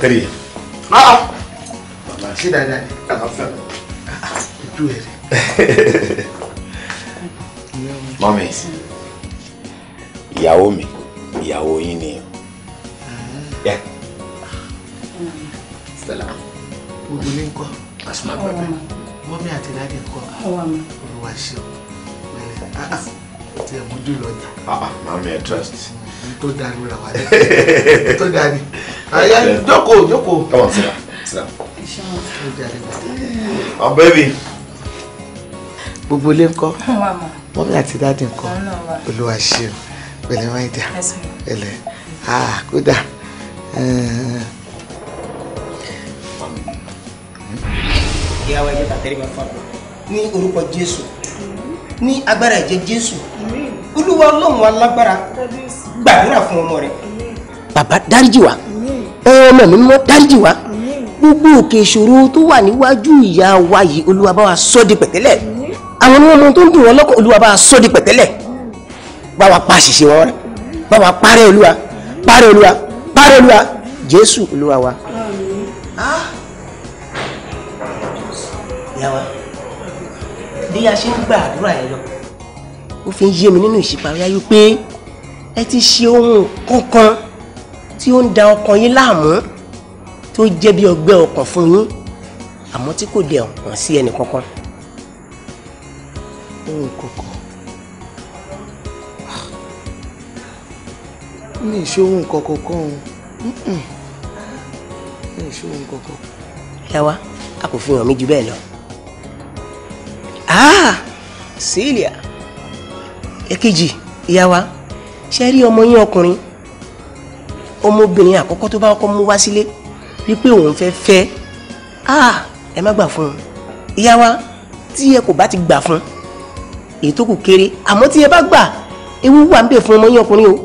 3. A'a. Wallahi shida ne. Kana fara. Tuere. Mami. Ìyàwó mi, ìyàwó yín ni. Ah, ah. Ya. Stella. Gbogbo ní nǹkan. Asuma bẹ̀bẹ̀. Mọ́mí àti dáadé nǹkan. Olúwa ṣe o. Ti ẹ̀ mú dùn lọ́jà. Mami ẹ̀ trust. Tó dáa ló ra wa dé. Tó dáa ni. Aya, Joko, Joko, Come on, sit down. Sit down. Oh, baby. Gbogbo ilé ńkọ́? Mọ́mí àti dáàdì ńkọ́? Olúwa ṣeun. Pẹ̀lẹ́ máa ń jà. Pẹ̀lẹ́. Ah, kódà. Ìyàwó ẹ̀jẹ̀ bàtẹ́rì máa fà lọ. Ní orúkọ Jésù. Ní agbára ẹ̀jẹ̀ Jésù. Olúwa Ọlọ́run alágbára gbàdúrà fún ọmọ rẹ̀. Bàbá dáríjì wa ọmọ mi mọ́ dáríjì wá gbogbo òkè ìṣòro tó wà níwájú ìyá wa yìí olúwa bá wa sọ di pẹ̀tẹ́lẹ̀ àwọn ọmọ tó ń dùn wọn lọ́kàn olúwa bá wa sọ di pẹ̀tẹ́lẹ̀ bá wa pa àṣìṣe wọn rẹ bá wa parẹ́ olúwa parẹ́ olúwa parẹ́ olúwa jésù olúwa wa. Ah. ìyá wa bí a ṣe ń gba àdúrà yẹn lọ ó fi ń yé mi nínú ìṣípayá yìí pé ẹ ti ṣe ohun kankan tí ó ń da ọkàn yín láàmú tó jẹ́ bí ọgbẹ́ ọkàn fún yín àmọ́ tí kò dẹ̀ hàn sí ẹnì kankan. ohun kankan ní ìṣòwò nǹkan kankan o ní ìṣòwò nǹkan kankan. ẹ wá a kò fi hàn mí ju bẹ́ẹ̀ lọ. ah Celia èkejì ìyá wa ṣe rí ọmọ yín ọkùnrin ọmọbìnrin àkọ́kọ́ tó bá kọ́ mú wá sílé wípé òun fẹ́ fẹ́ ah, ẹ má gbà fún un ìyá wa tí ẹ kò bá ti gbà fún èyí tó kù kéré àmọ́ tí ẹ bá gbà ewu wà ń bẹ fún ọmọ yín ọkùnrin o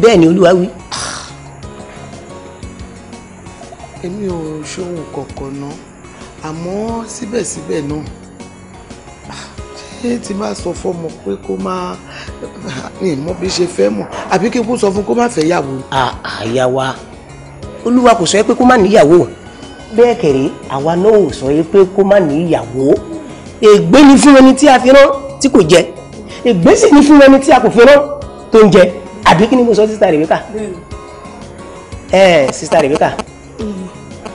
bẹ́ẹ̀ ni olúwa wí. èmi ò ṣohun kankan náà àmọ́ síbẹ̀síbẹ̀ náà ṣé tí máa sọ fọmọ pé kó má ní ìmọ̀ bí ṣe fẹ́ mọ̀ àbí kí n kó sọ fún kó má fẹ́ yàwó. àyàwá olúwa kò sọ pé kó má níyàwó bẹ́ẹ̀ kẹ̀rẹ́ àwa náà ò sọ pé kó má níyàwó ègbé ni fún ẹni tí a fi rán tí kò jẹ ègbé sì ni fún ẹni tí a kò fi rán tó ń jẹ àbí kí ni mo sọ sísá Rebecca ẹ sísá Rebecca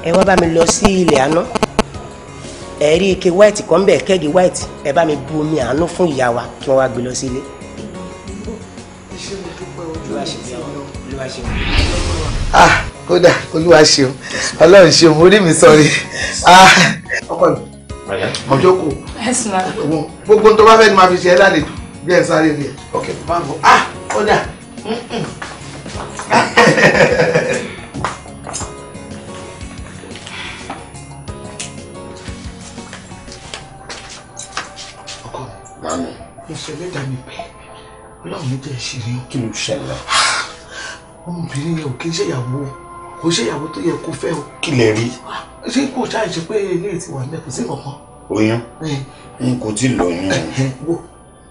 ẹ wá bá mi lọ sí ilé àná ẹ̀rí ike white kan bẹ̀ kẹ́gi white ẹ bá mi bu omi àánú fún ìyá wa kí wọ́n wá gbé lọ sílé. ah kódà olúwa ṣeun ọlọ́run ṣeun orí mi sọrí ah ọkọ mi ọjọ́ kù gbogbo tó bá fẹ́ ni máa fi ṣe ẹ́ lálejò bí ẹ̀ sáré ni ẹ̀ ok máa bọ̀ ah kódà. ẹsẹ̀ lẹ́dàá mi pé ọlọ́run mi jẹ́ ìṣeré kí ló ṣẹlẹ̀. ọmọbìnrin yẹn ò kí ń ṣèyàwó kò ṣèyàwó tó yẹ kó fẹ́ o. kí lè rí. ṣé kò ṣàìṣe pé ilé ti wà mẹ́kùn sí kankan. oyún n kò tí ì lóyún. wo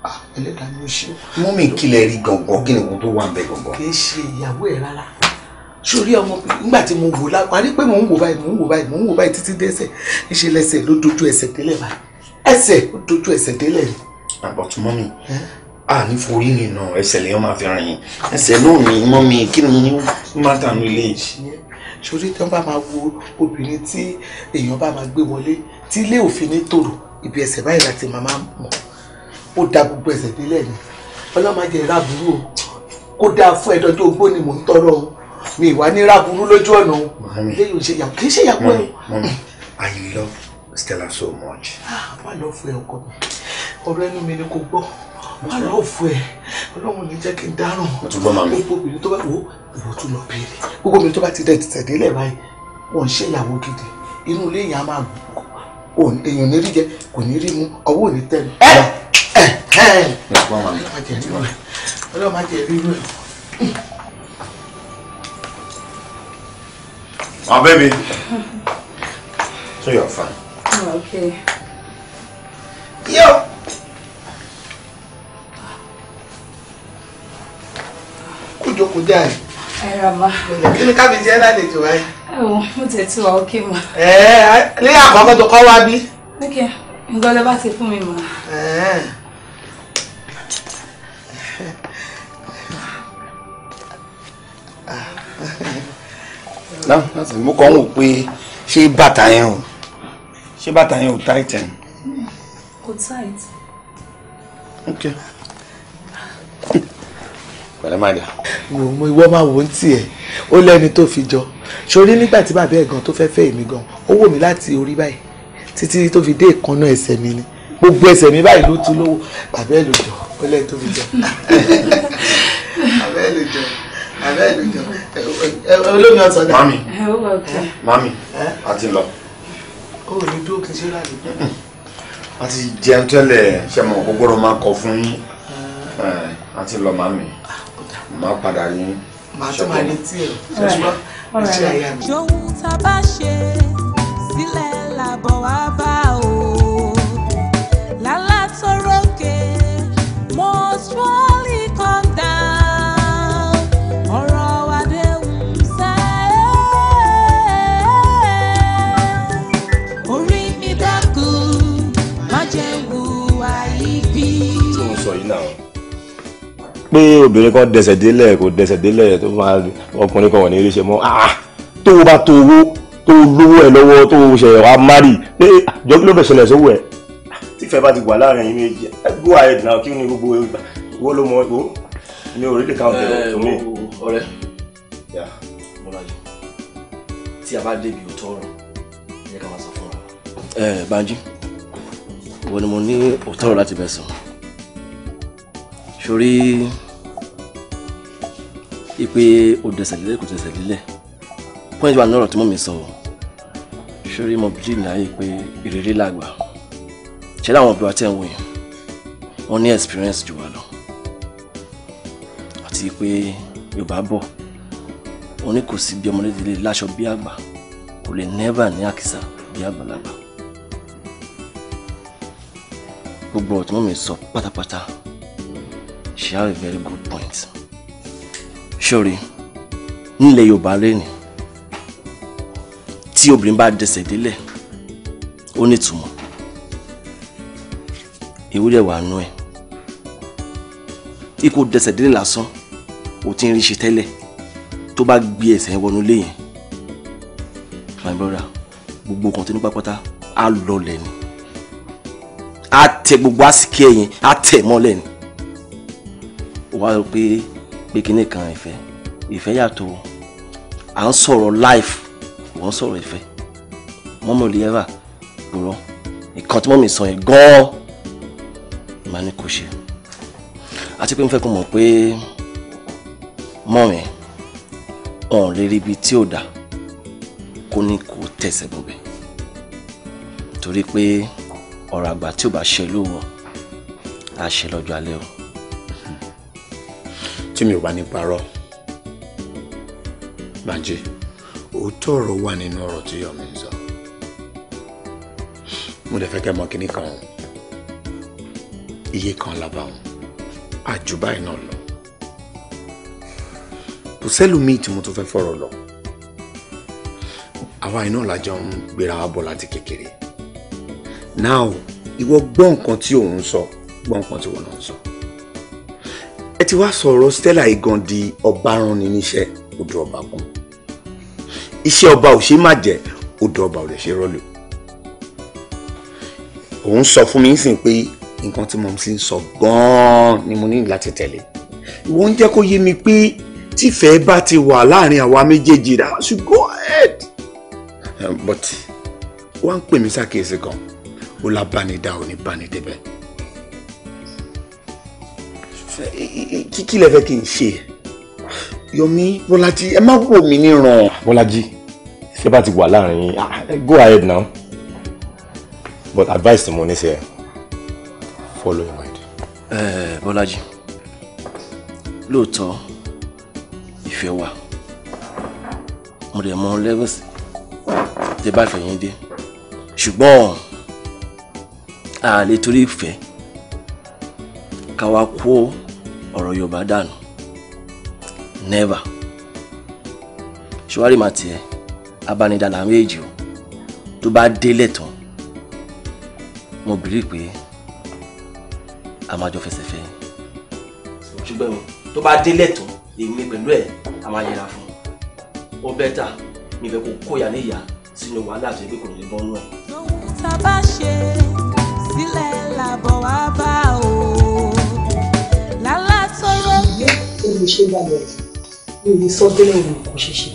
ah, ẹlẹ́dàá mi ò ṣe. mú mi kí lè rí gangan kí lè kó tó wà ń bẹ gangan. kì í ṣe ìyàwó ẹ̀ rárá sórí ọmọ nígbà tí mo wò lá parí pé mò ń wò báyìí mò ń wò báyìí mò ń wò báyìí títí dẹ́sẹ̀ ìṣẹ̀lẹ̀sẹ̀ ló dojú ẹsẹ̀ délẹ̀ báyìí ẹsẹ̀ ló dojú ẹsẹ̀ délẹ̀ ni about mọ́mì a ní forí nìna ẹsẹ̀ lèyàn máa fi rìn yín ẹsẹ̀ náà ní mọ́mì kí ni má tànú ilé yìí. sórí tí wọn bá máa wo obìnrin tí èèyàn bá máa gbé wọlé tí ilé òfin ní tòrò ibi ẹsẹ̀ báyìí láti màmá mọ̀ ó da gbogbo ẹsẹ̀ nílẹ̀ ni ọlọ́mọdé ráburú o kó dáa fún ẹ̀dọ́jọ́ ogbó ni mò ń tọrọ o mi ìwà ní ráburú lójú ọ̀nà o lẹ́yìn òṣèyà kì í ṣèyàwó ẹ̀. I love Stella so much. Ah, I love her, ọkọ mi ọ̀rọ̀ ẹnu mi ni kò gbọ́ wà lọ́ọ̀ fún ẹ ọlọ́run ní jẹ́ kí n dárùn gbogbo obìnrin tó bá wò ìwọ tún lọ béèrè gbogbo obìnrin tó bá ti dẹ̀ tẹ̀dé lẹ̀ báyìí wọ́n ń ṣe ìyàwó gidi inú ilé èèyàn á máa bù èèyàn ní rí jẹ kò ní rí mu ọwọ́ ò ní tẹ̀ ẹ ẹ ẹ ọlọ́run má jẹ́ rí My baby. so you're fine. Oh, okay. Yo! jókòó dé àyè. ẹ ra ma. kí ni kábí jẹ́ lálejò ẹ. ẹ wò mo tẹ̀ tí wà ókè mọ́. ẹ ní àkọ́kọ́ kọ́ wá bí. ok nǹkan lè bá ti fún mi mọ́. náà láti mú kàn wò pé ṣé bàtà yẹn o ṣé bàtà yẹn o tight. kò tight. okay pẹ̀lẹ́ má dà. wò ó ìwọ máa wò ó ń tiẹ̀ ó lẹ́ni tó fi jọ sórí nígbà tí bàbá ẹ̀ gan tó fẹ́ fẹ́ èmi gan ó wò mí láti orí báyìí títí tó fi dé ìkànnà ẹsẹ̀ mi ni gbogbo ẹsẹ̀ mi báyìí ló tu lówó bàbá ẹ̀ ló jọ ó lẹ́ni tó fi jọ bàbá ẹ̀ ló jọ bàbá ẹ̀ ló jọ olómi ọ̀sán náà. mami mami a ti lọ. o ò ní dúró kí n ṣe rà lóko. a ti jẹun tẹ́lẹ̀ ṣe mọ̀ gbogbo ọ̀rọ̀ máa kọ fún yín a ti lọ mami máa padà yín. màá tún máa retí ẹ ṣùgbọ́n ẹṣẹ àyà mi. johun tá a bá ṣe sílẹ̀ làbọ̀ wá bá o lálá tó sọ pé obìnrin kan dẹsẹ̀ délẹ̀ kò dẹsẹ̀ délẹ̀ tó máa ọkùnrin kan wọ̀ ní iléeṣẹ́ mọ́ ah tó o bá tó owó tó o lówó ẹ lọ́wọ́ tó o ṣẹ̀yẹ̀ wá mari pé ah, jọ kí ló fẹ́ ṣẹlẹ̀ sówó ẹ̀. Ah, tífẹ́ bá ti wà láàrin yìí méjì eh, go ahead now kí ni gbogbo wọ́n ló mọ ìgbó mi ò káwọn tẹ̀lé tó mí. ọ̀rẹ́ Bọ́lájí tí a bá débi òótọ́ ọ̀rọ̀ ẹ ká máa sọ fún wa. ẹ eh, Banji wo ni mo ní òótọ́ ọ̀rọ̀ láti bẹ̀ sọ sórí ìpè òdẹsẹ̀lélẹ̀ kò tẹsẹ̀lélẹ̀ pọ́ńtì wà ní ọ̀rọ̀ tí mò ń mi sọ ọ́ sórí mo bí láyé pé ìrírí làgbà ṣé láwọn òbí wa tẹ̀ ń wò yẹn wọ́n ní experience jù wá lọ àti pé Yorùbá bọ̀ wọ́n ní kò sí bí ọmọdé lè láṣọ bí àgbà kò lè nẹ́bà ní àkísà bí àgbàlagbà gbogbo ọ̀tún mi sọ pátápátá she have a very good point ṣòrí ni yorùbá lẹ́nu tí obìnrin bá dẹsẹ̀ délẹ̀ ó nítumọ̀ ewúrẹ́ wà nú ẹ̀ ikú dẹsẹ̀ délẹ̀ la ò ti ń rí ṣe tẹ́lẹ̀ tó bá gbé ẹsẹ̀ wọnú lé yẹn my brother gbogbo kan tó ní pápátá á lọlẹ̀ ni á tẹ gbogbo àsìkè yẹn á tẹ̀ mọ́lẹ̀ ni wá rò pé pé kinní kan ìfẹ́ ìfẹ́ yàtọ̀ à ń sọ̀rọ̀ life wọ́n sọ̀rọ̀ ìfẹ́ mọ́mọ́ ò lè ẹ́rà gbòòrọ̀ ìkan tí mọ́mí sọ yẹn gan-an màá ní kò ṣe àti pé mo fẹ́ kó mọ̀ pé mọ́rin ọ̀n lè rí ibi tí ò dá kó ní kó tẹ̀sẹ̀ gbọ̀bẹ̀ torí pé ọ̀rọ̀ àgbà tí ò bá ṣe lóhùn á lọ́jọ́ alẹ́ o tí mi ò bá ní parọ́ Banji òótọ́ ọ̀rọ̀ wà nínú ọ̀rọ̀ tí Yọ̀mí ń sọ mo lè fẹ́ kẹ́ mọ kínní kan iye kan lábá wọn àjùbá iná lọ kò sẹ́lùmíì tí mo tún fẹ́ fọ̀rọ̀ lọ àwa iná làjọ ń gbéra wa bọ̀ láti kékeré now ìwọ gbọ́ nǹkan tí òun sọ gbọ́ nǹkan tí wọ́n náà sọ ti wá sọ̀rọ̀ Stella igan di ọbaranni níṣẹ́ odò ọba kan iṣẹ́ ọba ò ṣe má jẹ́ odò ọba ò lè ṣe rọ́lò òun sọ fún mi nísìn pé nǹkan tí mo ti ń sọ gan-an ni mo ní láti tẹ̀lé ìwọ ń jẹ́ kó yé mi pé tífẹ̀ẹ́ bá ti wà láàrin àwa méjèèjì rà I go ahead but wọ́n ń pè mí sákèésí gan-an ó lábánidá ò ní bánidébẹ̀ kí lẹ fẹ́ kí n ṣe Yomi Bọ́lájí ẹ má wò mí níran. Bọ́lájí ṣé bá ti wà láàrin ah, go ahead now but advice to mo ní follow your mind. ẹ eh, Bọ́lájí lóòótọ́ ìfẹ́ wà mo dẹ̀ mọ levels tẹ bá fẹ́ yín dé ṣùgbọ́n a lè torí ìfẹ́ ká wá kó ọ̀rọ̀ Yorùbá dànù never ṣùwárí màá tiẹ̀ abánidàlà méjì o tó bá délẹ̀ tán mo bìrì pé a máa jọ fẹsẹ̀ fẹ́ ṣùgbọ́n tó bá délẹ̀ tán èmi pẹ̀lú ẹ̀ a máa yẹra fún un ó bẹ́tà mi fẹ́ kó kóyà níyà sínú wàhálà àti ẹgbẹ́ kò ní bọ́nú ẹ̀. ohun tá a bá ṣe sílẹ̀ làbọ̀ wá bá o. mo ṣe ń balẹ̀ mi ò ní sọ pé lẹ́yìn kò ṣe ṣe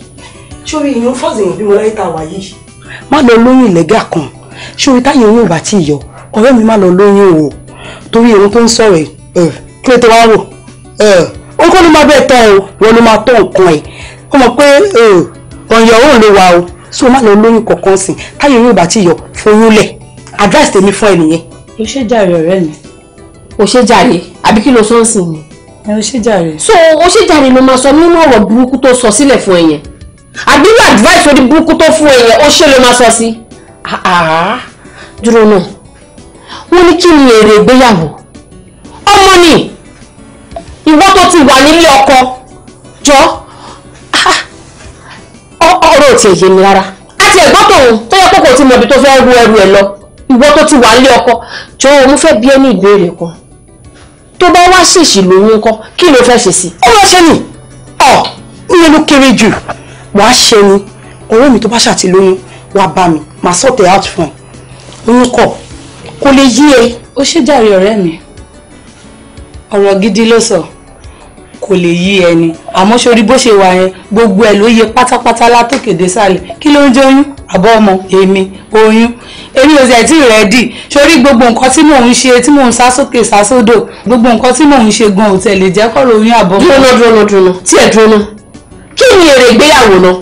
sórí ìyún fọ́sẹ̀yìn bí mo láyé ta wà yìí. má lọ lóyún ìlẹ́gà kan sórí táyà oyún ìbá tí ìyọ ọ̀rẹ́ mi má lọ lóyún o torí ohun tó ń sọ̀rọ̀ ẹ̀ kí ló tó wá wò ó kọ́ ló má bẹ́ẹ̀ tán o wọn ló máa tó nǹkan ẹ̀ ó mọ̀ pé ọ̀yàn ò lè wà o so má lọ lóyún kọ̀ọ̀kan sìn táyà oyún ìbá tí ìyọ foyún lẹ̀ advice tèmi fún ẹ nìyẹn. o ṣe jàre ọ̀rẹ́ mi o ṣe jàre àbí kí lo sọ́ọ̀sì ni ẹ ò ṣe jàre. so ó ṣe jàre ló máa sọ nínú ọ̀rọ̀ burúkú tó sọ sílẹ̀ fún ẹ yẹn àbílú advice orí burúkú tó fún ẹ yẹn ó ṣe ló máa sọ sí. dúró náà wọ́n ní kí ni èrè ìgbéyàwó ọmọ ni ìwọ tó ti wà nílé ọkọ jọ ọ̀rọ̀ ò tiẹ̀ yé mi rárá àti ẹ̀gbọ́n tòun tó yẹ kókò tí mọbi tó fẹ́ẹ́ ru ẹrù ẹ lọ ìwọ tó ti wà nílé ọkọ jọ òun fẹ́ bi ẹ́ ní ìbéèrè kan tó bá wá ṣèṣì lóyún ńkọ́ kí ló fẹ́ ṣe sí. ó wá ṣe ni ọ ìyẹn ló kéré jù wàá ṣe ni ọ̀rẹ́ mi tó bá ṣàti wàá bá mi màá sọ̀tẹ̀ out fún ẹ oyún kọ kó lè yí ẹ. E. ó ṣe jàre ọ̀rẹ́ mi ọ̀rọ̀ gidi ló sọ kò lè yí ẹni àmọ́ sórí bó ṣe wà yẹn gbogbo ẹ̀ ló yẹ pátápátá látòkè désàlẹ̀ kí ló ń jẹ́ àbọ̀ ọmọ èmi oyún èmi ò sì ẹ̀tí rẹ́dì sórí gbogbo nǹkan tí mò ń ṣe tí mò ń sá sókè sá sódò gbogbo nǹkan tí mò ń ṣe gan ò tẹ̀lé jẹ́ kọ́rọ̀ oyún àbọ̀. dúró dúró dúró tí ẹ dúró kí ni èrè ìgbéyàwó náà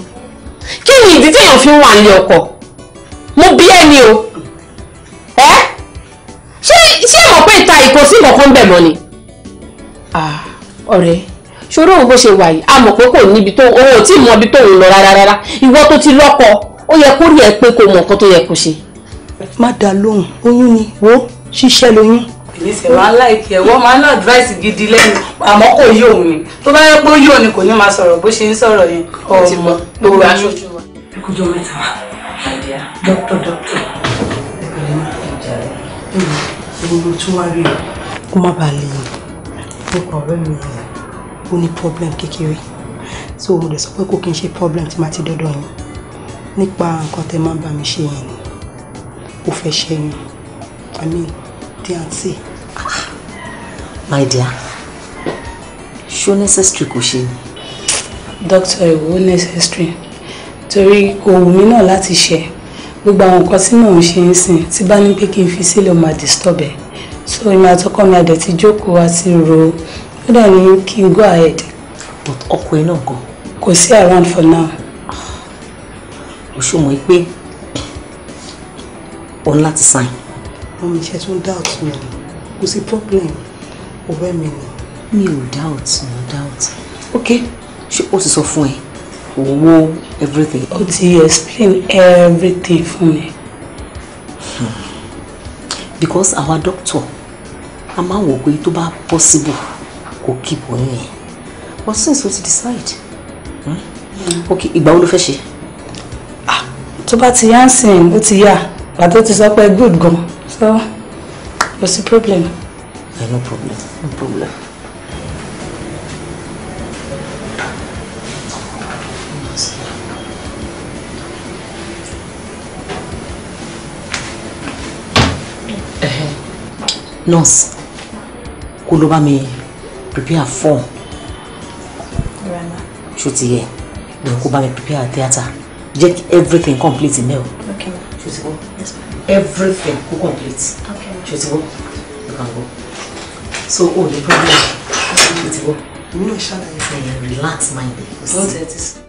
kí ni ìdí téèyàn fi ń wà ní ọkọ mo bí ẹ ni o ẹ ṣé ṣé ẹ mọ̀ pé ìta ìkọsí ìmọ̀kan bẹ̀ mọ́ ni. ọ̀rẹ́ ṣòro òun bó ṣe wà yìí a mọ̀ pé kò níbi tó òun ò tí ì mọ ibi tóun lọ rárá ó yẹ kó rí ẹ pé kó mọ nǹkan tó yẹ kó ṣe. má dá lóhùn oyún ni wo ṣiṣẹ́ lóyún. ìníṣẹ́ wa láìkí ẹ̀ wọ́n máa ń advice gidi lẹ́nu àmọ́ kò yí òun ni tó bá yẹ pé ó yí òun ni kò ní máa sọ̀rọ̀ bó ṣe ń sọ̀rọ̀ yẹn. ọmọ gbogbo aṣojú wa. ẹkújọ mẹ́ta wa dókítà dókítà ìwúlò tó wá rí kó má bàa lè yìn nípa ọ̀rẹ́ mi yẹn ó ní problem kékeré so mo dẹ̀ sọ pé kò kí n ṣe problem tí màá ti dọ́dọ̀ yín nípa nǹkan tẹ máa ń bá mi ṣe yẹn ni ó fẹ́ ṣẹ́yìn i mean the aunty. my dear ṣó necessary kò ṣe ni. doctor ìwò necessary torí kò wù mí náà láti ṣe gbogbo àwọn nǹkan tí mò ń ṣe ń sìn tí bá ní pé kí n fi sílẹ̀ ó máa disturb ẹ̀ so èmi àtọkọ mi àdẹ̀ ti jókòó àti ro ó dà ní kí n go ahead. but ọkùnrin náà gan. kò sí around for now ṣó mọ̀ pé òun láti sign. ọmọ iṣẹ́ tún doubt mi kò sí problem ọ̀rẹ́ mi ni. mi ò doubt no doubt ok ṣé o sì sọ fún ẹ owó everything. o ti explain everything fún mi. Hmm. because our doctor a máa ń wò pé tó bá possible kò keep oyún yẹn but since o ti decide hmm? mm. ok ìgbà wo ló fẹ́ ṣe tó bá ti yá ń sìn ó ti yá pàtó ti sọ pé good gan so kò sí problem. Yeah, no problem no problem. nurse kó ló bá mi prepare form ṣó ti yẹ kó bá mi prepare theatre jẹ́ kí everything complete ní o. ṣòtìwọ́ everything kó complete ṣòtìwọ́ you can go so oh, the problem ṣòtìwọ́. mo náà ṣàlàyé. relax mind. ó tẹ̀ ẹ́ ti sùn.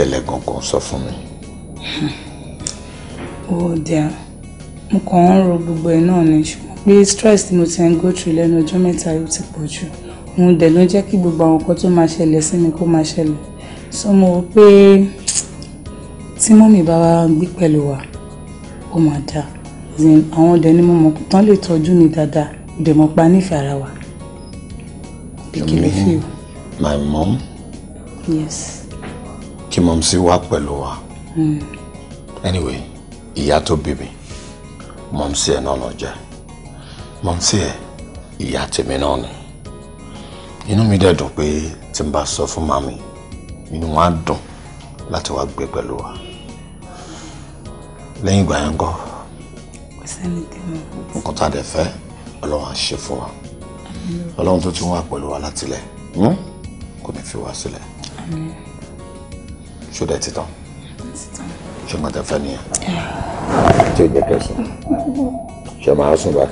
ṣẹlẹ̀ gangan sọ fún mi. ó dẹ̀ mo kàn ń ro gbogbo ẹ̀ náà ni ṣùgbọ́n pé stress tí mo ti ń go through lẹ́nu ọjọ́ mẹ́ta yóò ti pọ̀ jù òun dẹ̀ ló jẹ́ kí gbogbo àwọn nǹkan tó máa ṣẹlẹ̀ sí mi kó máa ṣẹlẹ̀ so mo rò pé tí mọ́mì bá wá gbé pẹ̀lú wa ó máa dáa àwọn ọdẹ ni mo mọ̀ tán lè tọ́jú mi dáadáa dẹ̀ mọ̀ pa nífẹ̀ẹ́ ara wa. Bikini feel. My mom? Yes kí mọ̀mísí wà pẹ̀lú wa hmm. anyway ìyá tó bí mi mọ̀mísí ẹ̀ náà náà jẹ́ mọ̀mísí ẹ̀ ìyá tèmi náà ni inú mi dẹ̀ dùn pé tí n bá sọ fún màmí inú wọn á dùn láti wá gbé pẹ̀lú wa lẹ́yìn ìgbà yẹn kọ́ nǹkan tá a dẹ̀ fẹ́ ọlọ́run á ṣe fún wa ọlọ́run tó ti wà pẹ̀lú wa látilẹ̀ hmm? kò ní fi wá sílẹ̀. Amen ṣó dẹ̀ sit down? ṣé mo tẹ fẹ́ nìyẹn tí o jẹ́ kẹsàn ṣé máa sùn bá.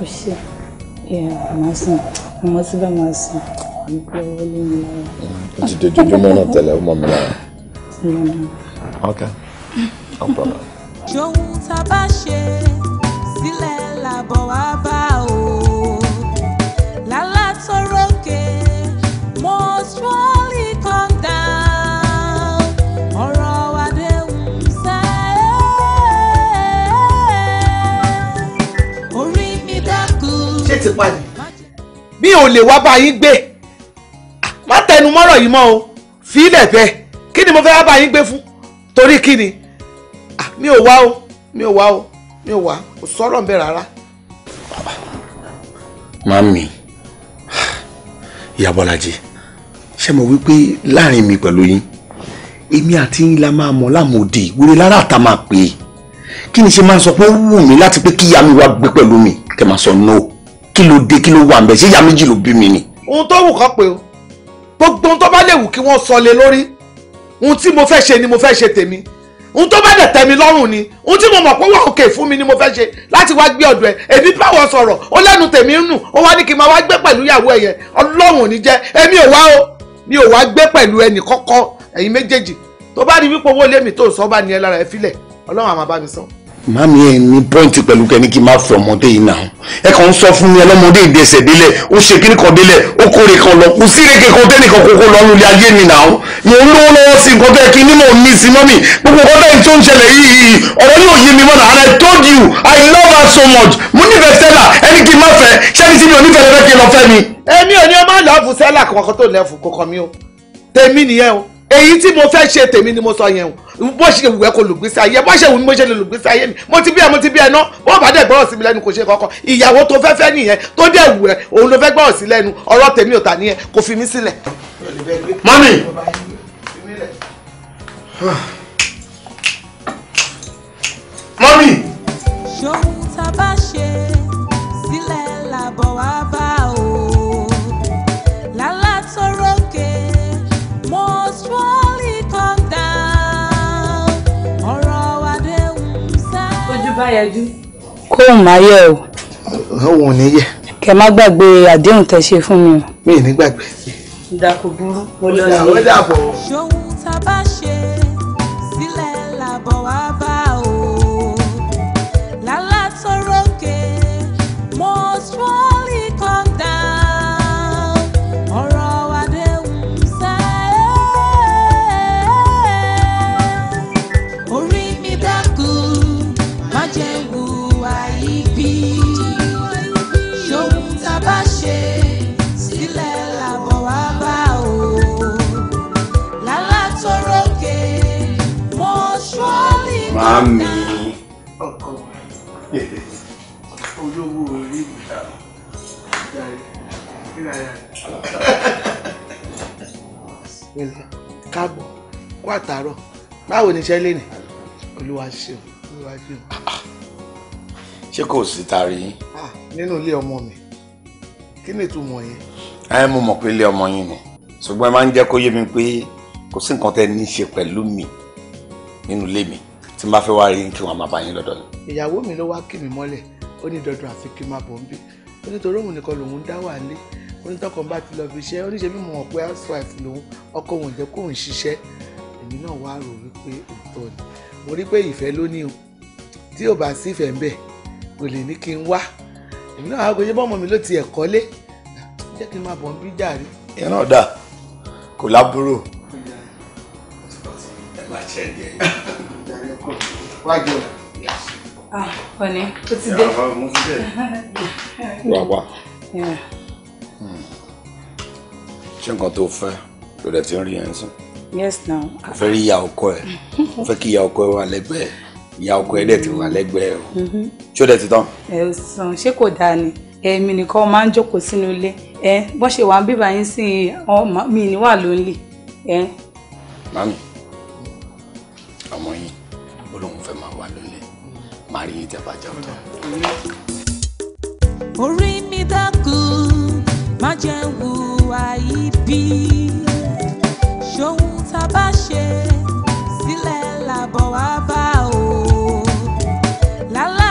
máa sùn ọmọ tí bá máa sùn àmì pé owó ló ń lọ. o ti dojoojúmọ́ náà tẹ́lẹ̀ ọmọ mi lára. no problem. ṣòun tá a bá ṣe ò lè wá bá yín gbé má tẹnu mọ́rọ̀ yìí mọ́ o fi ilẹ̀ bẹ́ẹ̀ kí ni mo fẹ́ wá bá yín gbé fún torí kí ni mi ò wá o mi ò wá o mi ò wá kò sọ̀rọ̀ bẹ́ẹ̀ rárá. mami ìyá Bọ́lájí ṣé mo wí pé láàrin mi pẹ̀lú yín èmi àti yín la máa mọ̀ lámòdì wúre lára àtà máa pè é kí ni ṣe máa sọ pé ó wù mí láti pé kí ìyá mi wá gbé pẹ̀lú mi kẹ́ máa sọ no kí ló dé kí ló wà ńbẹ̀ ṣé ìyá méjì ló bí mi ni. ohun tó wù kán pé o gbogbo ohun tó bá lè wù kí wọ́n sọ lé lórí ohun tí mo fẹ́ ṣe ni mo fẹ́ ṣe tèmi ohun tó bá dẹ̀ tẹ́ mi lọ́rùn ni ohun tí mo mọ̀ pé wà òkè fún mi ni mo fẹ́ ṣe láti wá gbé ọ̀dọ̀ ẹ̀ èmi báwọ̀ sọ̀rọ̀ ó lẹ́nu tèmi ń nù ó wá ní kí n máa wá gbé pẹ̀lú ìyàwó ẹ̀yẹ ọlọ́run ò ní jẹ́ èmi ò wá o mi ò wá gbé pẹ̀lú ẹnì kọ́kọ́ ẹ̀yin méjèèjì tó bá rí wípé owó lé mi tó sọ bá ní ẹ lára ẹ filẹ̀ ọlọ́run á máa mi san màmí ẹ ní pọ́ǹtì pẹ̀lú kẹ́ni kí n máa fi ọmọdé yìí náà ẹ kàn ń sọ fún mi ọlọ́mọdé ìdẹsẹ̀ délẹ̀ ó ṣe kíní kan délẹ̀ ó kórè kan lọ kò sí ìrèké kan tẹ́nìkan kókó lọ́nu ilé ayé mi náà mo ń lówó lọ́wọ́ sí nǹkan tẹ́ kí nímọ̀ mi sí mọ́mì gbogbo nǹkan tẹ́ tó ń ṣẹlẹ̀ yìí ọ̀rọ̀ yóò yé mi mọ́nà and I told you I love her so much mo nífẹ̀ẹ́ Stella ẹni kí n má fẹ́ ṣẹ́ni èmi ò ní ọmọ àlọ́ àfùsẹ́là kankan tó lẹ́fù kọ̀ọ̀kan mi o tèmi nìyẹn o èyí tí mo fẹ́ ṣe tèmi ni mo sọ yẹn o bó ṣe wù ẹ́ kó lùgbésí ayé bó ṣe wù ni mo ṣe lè lùgbésí ayé mi mo ti bí ẹ mo ti bí ẹ ná bó bá dẹ̀ gbọ́rọ̀ sí mi lẹ́nu kò ṣe kọ́kọ́ ìyàwó tó fẹ́ fẹ́ nìyẹn tó dẹ̀ wù ẹ́ òun ló fẹ́ gbọ́rọ̀ sí lẹ́nu ọ̀rọ̀ tèmi ò tà nìyẹn kò fi mí sílẹ̀. mami. mami. ṣòun tá a bá ṣe. Ọláyẹjú. kóun máa yẹ o. òun ò ní yẹ. kẹ má gbàgbé àdéhùn tẹ ṣe fún mi o. mi ì ní gbàgbé. ìdàkọ burú mo lọ yẹ. ìdàwọ́ dàbọ̀. ṣòun tá a bá ṣe sílẹ̀ làbọ̀ wá. mi. ọkọ olówó orí ìgbà káàbọ̀ kó àtàárọ̀ báwo ni iṣẹ́ lè rìn olúwa ṣeun olúwa ṣeun. ṣé kò sí tari yín. nínú ilé ọmọ mi kí ni ìtumọ̀ yẹn. ẹ mo mọ̀ pé ilé ọmọ yín ni ṣùgbọ́n ẹ máa ń jẹ́ kó yé mi pé kò sí nǹkan tẹ́ ní ṣe pẹ̀lú mi nínú ilé mi tí n bá fẹ́ wá rí kí wọ́n máa bá yín lọ́dọ̀ yín. ìyàwó mi ló wá kì mí mọ́lẹ̀ ó ní dandan àfi kí n máa bọ̀ ń bí ó ní torí òun nìkan lòun dá wà lé ó bá ti lọ fi ṣe bí mo pé housewife lòun ọkọ òun jẹ́ kóun ṣiṣẹ́ èmi náà wá rò wípé òótọ́ ni mo rí pé ìfẹ́ ló ní o tí ò bá sí ìfẹ́ ń kò lè ní kí n wá èmi náà àgọ́ yẹ́bọ́ ọmọ mi ló ti ẹ̀ kọ́lé jẹ́ kí n máa bọ̀ ń bí jàre. ìyẹn náà kò lábúrò. ẹ máa ṣẹ́ ẹ̀ course. Why go? Ah, honey, what's the Yeah, what's the day? Wà wà. Hmm. Ṣé nǹkan tó fẹ́ ló dẹ̀ ti ń rí ẹ̀ ń sùn? Yes now. Kò fẹ́ rí ìyá ọkọ ẹ̀. Kò fẹ́ kí ìyá ọkọ ẹ̀ wà lẹ́gbẹ̀ẹ́. Ìyá ọkọ ẹ̀ dẹ̀ ti wà lẹ́gbẹ̀ẹ́ o. Mm-hmm. Ṣé ó dẹ̀ ti tán? Ẹ ò sàn, ṣé kò dáa ni? Èmi nìkan máa ń jókòó sínú ilé. Ẹ bọ́n ṣe wà ń bíbá yín sí mi ni wà ló ń lè. Mami, ọmọ yín olóhùn fẹ́ máa wà lólè máa rí yín tẹ́ orí mi dákú má jẹ́ wùwà ibi ṣòun tá a bá ṣe sílẹ̀ làbọ̀ wá bá o lálá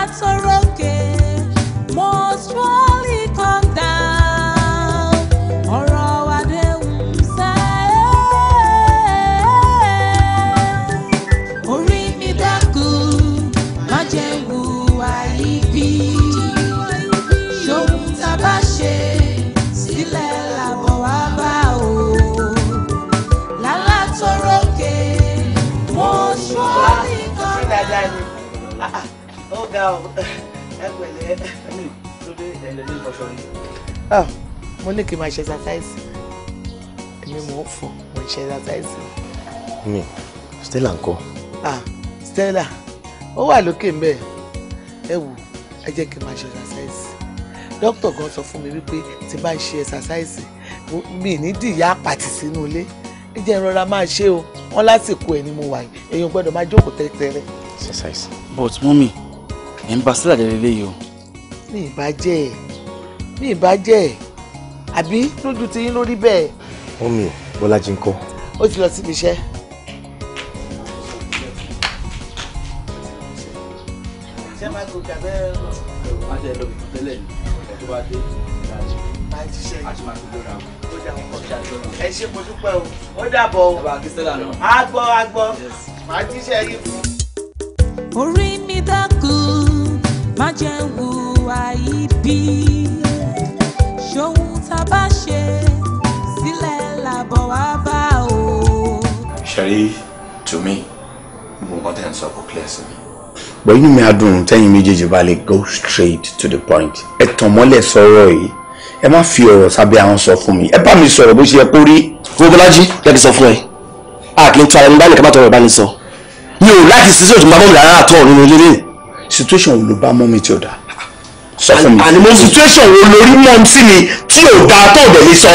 Ah, mo ní kí n máa ṣe exercise èmi mò ń fọ mo ṣe exercise. mi Stella ńkọ́. ah Stella ó wà lókè mbẹ ẹ wò ẹ jẹ́ kí n máa ṣe exercise dókítà gan sọ fún mi wípé tí bá ń ṣe exercise mi ní dìyà pàtì sínú ilé ẹ jẹ́ ìrora máa ṣe o wọ́n lásìkò ẹ̀ ni mo wà yìí èèyàn gbọ́dọ̀ máa jókòó tẹ́tẹ́rẹ́. exercise but mummy ẹ̀ ń ba Stella jẹ́ lélẹ́yìí o mi ì bá jẹ́ ẹ̀ mi ì bá jẹ́ ẹ̀ àbí lójú ti yín lórí bẹ́ẹ̀. wọ́n mi bọ́lájí ń kọ́. ó ti lọ síbi iṣẹ́. ẹ ṣe mo dúpẹ́ o ó dàbọ̀ o a gbọ́ a gbọ́ màá jíṣẹ́ yìí orí mi dákú má jẹ́ ìwà ṣòun tá a bá ṣe sílẹ̀ làbọ̀ wá bá o. ṣeré to me gbogbo nǹkan tẹ̀ ń sọ kò clear sí mi. pẹ̀lú mi adùn tẹ́yìn méjèèjì bá lè go straight to the point ẹ tàn mọ́lẹ̀ sọ̀rọ̀ yìí ẹ má fi ọ̀rọ̀ sábẹ́ àwọn sọ fún mi ẹ bá mi sọ̀rọ̀ bó ṣe yẹ kó rí. gbogbolájí lẹ́bi sọ fún ẹ a kì í tún ara ẹni báyìí ká má tọrọ ìbáni sọ mi ò láti ṣiṣẹ́ òtún bá mọ́ rárá àtọ̀ nínú ilé situation wo ló bá mọ́ mi tí sọ fún mi. àní mo situation wo lórí mọ́ sí mi tí ò dáa tó ò dẹ̀ lè sọ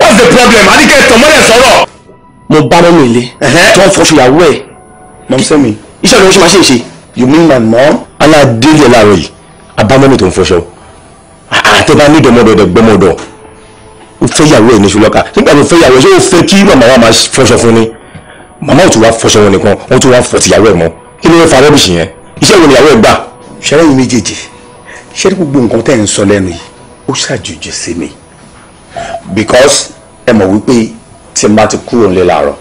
what's the problem àdìkẹ́ tọmọ́lẹ̀ sọ̀rọ̀. mo bá mọ́mú ilé tí wọ́n fọṣọ ìyàwó ẹ̀. mọ̀mísẹ́ mi. iṣẹ́ ni wọ́n ṣe máa ṣe é ṣe. you mean my mom. aládélé láàárọ̀ yìí abámọ́mí tó ń fọṣọ àtẹ́bá ní ìdọ́mọdọ̀dọ̀ gbọ́mọdọ̀ ó fẹ́ ìyàwó ẹ̀ ní ṣùlọ́ka nígbà tó fẹ́ ìyàwó ẹ̀ ṣé ó fẹ́ kí màmá wa máa fọṣọ fún ni màmá ò tún wá fọṣọ wọn nìkan wọ́n tún wá fọ tìyàwó ẹ̀ mọ́ kí ló ń fa rẹ́bìṣì yẹn iṣẹ́ ìwé ìyàwó ẹ̀ gbà. ṣẹlẹ̀ yìí méjèèjì ṣé ní gbogbo nǹkan tẹ́ ń sọ lẹ́nu yìí ó ṣàjòjì sí mi because ẹ mọ̀ wípé tí n bá ti kúrò nílé làárọ̀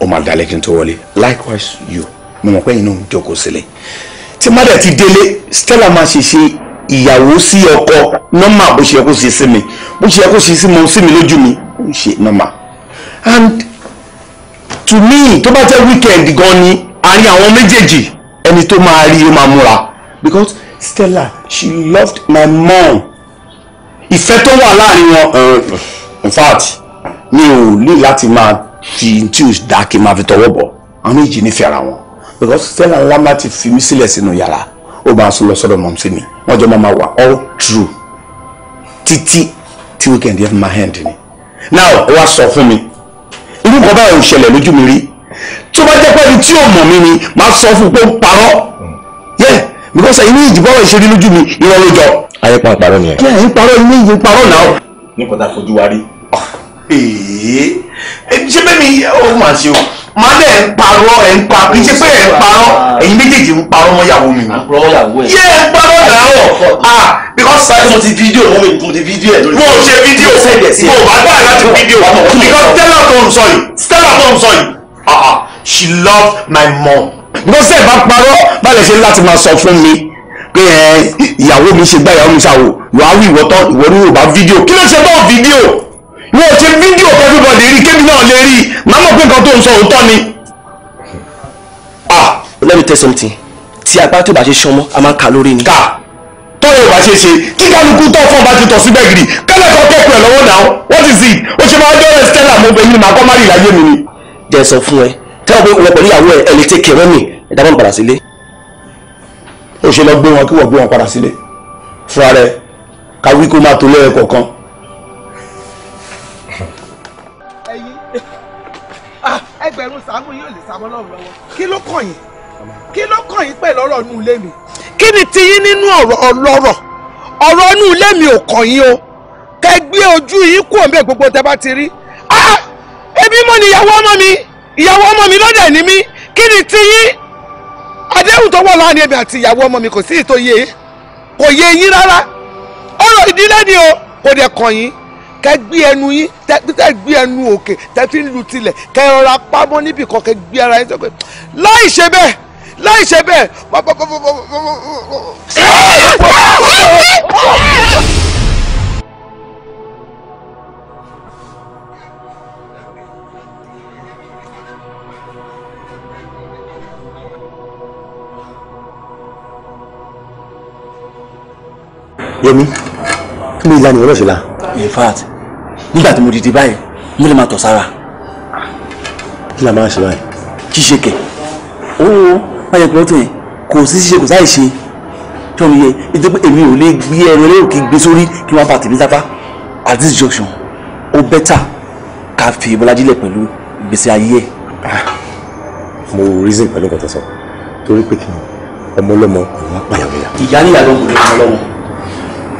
ó máa dalẹ̀ kí n tó wọlé likewise you mo mọ̀ pé inú ń jókòó sílẹ̀ tí má dẹ̀ ti délé Stella máa ṣe ṣe ìyàwó sí ọkọ nọ́mà bó ṣe yẹ kó ṣe sí mi bó ṣe yẹ kó ṣe sí mi sí mi lójú mi ó ń ṣe nọ́mà and to me tó bá jẹ́ weekend gan ni àárín àwọn méjèèjì ẹni tó máa rí ó máa múra because Stella she loved my mom ìfẹ́ tó wà láàrin wọn eh, in fact mi ò ní láti máa fi tí o dá kí n máa fi tọwọ́ bọ̀ àwọn méjì nífẹ̀ẹ́ ara wọn because Stella ńlá má ti fi mí sílẹ̀ sínú yàrá ó máa sún lọ sọ́dọ̀ mọ̀ sí mi wọ́n jọ máa wà all true títí tí weekend yẹn fi máa hand ni now ó wá sọ fún mi irú kan báyìí ò ṣẹlẹ̀ lójú mi rí tó bá jẹ́ pẹ́ni tí ò mọ̀ mí ni máa sọ fún pé ó parọ́ because inú ìjìbọ̀rọ̀ ìṣeré lójú mi ìrọ̀ ló jọ. ayé pa àparọ́ nìyẹn. kí ẹ̀yin parọ́ inú ìyẹn parọ́ náà. nípa tá a fojú wa rí. ṣé bẹ́ẹ̀ ni ó máa ṣe o máa dẹ̀ ń parọ́ ẹ̀ ń pa kì í ṣe pé ẹ̀ ń parọ́ ẹ̀yin méjèèjì ń parọ́ mọ́yàwó mi. yé ẹ̀ ń parọ́ náà ah because sáré mo ti fídíò mo mi mo ti fídíò ẹ̀ lórí. mo ṣe fídíò mo bá dá láti fídíò because Stella tó ń sọ yìí Stella tó ń sọ ah, ah. she loved my mom bọ́sẹ̀ bá parọ́ báyìí ṣe láti máa sọ fún mi pé ẹ ìyàwó mi ṣe gbá ìyàwó mi ṣàwò wàá wí ìwọ tán ìwọ ní yorùbá fídíò kí ló ṣe bọ́ fídíò ìwọ ò ṣe fídíò everybody rí kébì náà lè rí màá mọ̀ pé nǹkan tó ń sọ òótọ́ ni. ah let me tell something tí apá tó bá ṣe ṣan mọ́ a máa ń kà lórí ni. ká tọ́yọ̀ bá ṣe ṣe kí kálukú tó fún ọba ti tọ̀ síbẹ̀ gidi kálẹ̀kọ́ kẹ́kọ̀ọ́ ẹ̀ lọ́wọ́ náà what is it ó ṣe máa ń dọ́rẹ̀ stella mo bẹ̀ yín màá kọ́ má rí ìlàyé mi ni. dẹ̀ sọ fún ẹ tẹ́wọ́ pé wọ́n pẹ̀lú ìyàwó ẹ̀ lè tẹ́kẹ̀ wọ́n mi ẹ̀dá wọn padà sílé. ó ṣe lọ gbé wọn kí wọ́n gbé wọn padà sílé fúnra rẹ̀ ká wí kó má tó lẹ́yìn kọ̀ọ̀kan. ẹgbẹ̀rún sàánú yóò lè sàmọ́ lọ́rùn lọ́wọ́ kí ló kàn yín kí ló kàn yín pẹ̀lú ọ̀rọ̀ inú ilé mi. kí ni tiyín nínú ọ̀rọ̀ ọlọ́rọ̀ ọ̀rọ̀ inú ilé mi ò kàn yín o kẹ gbé ojú yín kú òmíì gbogbo tẹ bá ti rí. ebi ah! mo níyàwó ọmọ mi ìyàwó ọmọ mi lọ́dẹ̀ ni mí kí ni ti yín àdéhùn tó wà láàrin èmi àti ìyàwó ọmọ mi kò sí ètò yé kò yé yín rárá ọ̀rọ̀ ìdílé ni o kò dẹ̀ kàn yín kẹ gbé ẹnu yín tẹ gbé ẹnu òkè tẹ fi ń lu tilẹ̀ kẹ rọra pamọ́ níbì kan kẹ gbé ara yín sọ́kè láì ṣe bẹ́ẹ̀ láì ṣe bẹ́ẹ̀. yẹmi kí ló ìlànà ìwọ́n ṣẹlá. in fact nígbà tí mo dìde báyìí mo lè máa tọ̀ sára. kí la máa ṣe báyìí. ṣíṣe kẹ̀ ó wọ́n báyọ̀ pé ó tẹ̀ kò sí ṣíṣe kò sáì ṣe tó ń yẹ nítorí pé èmi ò lè gbé ẹrù ẹrù kí gbé sórí kí wọ́n bá tèmi sáfá at this junction ó bẹ́tà ká fi ìbọlájílẹ̀ pẹ̀lú ìgbésí ayé ẹ̀. Ah, mo reason pẹ̀lú nǹkan tó sọ torí pé kí ọmọ ọlọ́mọ ọ̀rọ̀ apàyàwó yà. ìyá níyàwó kò lè mọ lọ́wọ́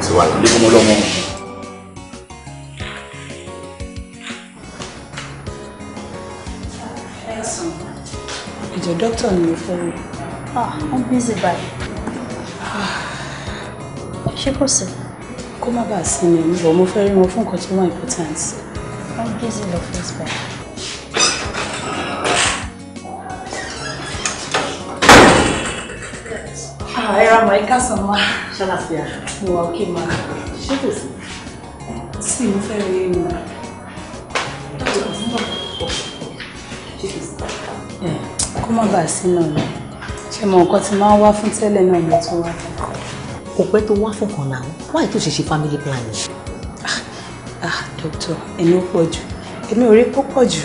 sí wàhálà ilé fún ọlọ́mọ. ìjọ dókítà ni mo fẹ́ rí wọ́n bízì báyìí ṣé kò sí. kó má bàa sí mi mo fẹ́ rí wọn fún nǹkan tó important. wọ́n bízì lọ fún ìsìnkú. Era mai casa ma. Ṣálàfíà. Mo wà òkè ma. Ṣé kò sí? Sì, mo fẹ́ rí i ma. Kó má bàa sí náà ni. Ṣé mo nǹkan ti máa ń wá fún tẹ́lẹ̀ náà ni tó wá family planning? Ah, ah doctor, èmi ò pọ̀ jù. Èmi ò rí púpọ̀ jù.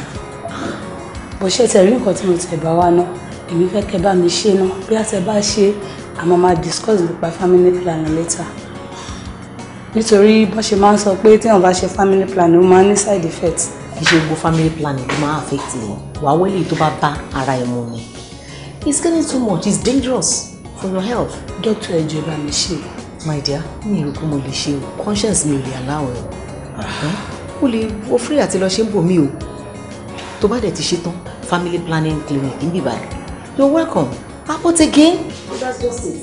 Bó ṣe tẹ̀rí nǹkan tí mo tẹ̀ bá wá náà, èmi fẹ́ kẹ́ bá mi ṣe náà. Bí a tẹ bá ṣe àmọ́ máa discuss nípa family planning later nítorí bó ṣe máa ń sọ pé tí wọ́n bá ṣe family planning ó máa ń ní side effect. kì í ṣe gbogbo family planning ló máa affect wọn wàá wọlé tó bá bá ara ẹ̀ mu ni it's getting too much it's dangerous for your health. doctor ẹjọ bá mi ṣe. my dear mi ò rò pé mo lè ṣe o conscience mi ò lè aláwọ̀ ẹ̀ o lè o free àti lọ ṣe ń bò mí o tó bá dẹ̀ ti ṣe tán family planning clinic ń bì báyìí you're welcome apple take that's just it.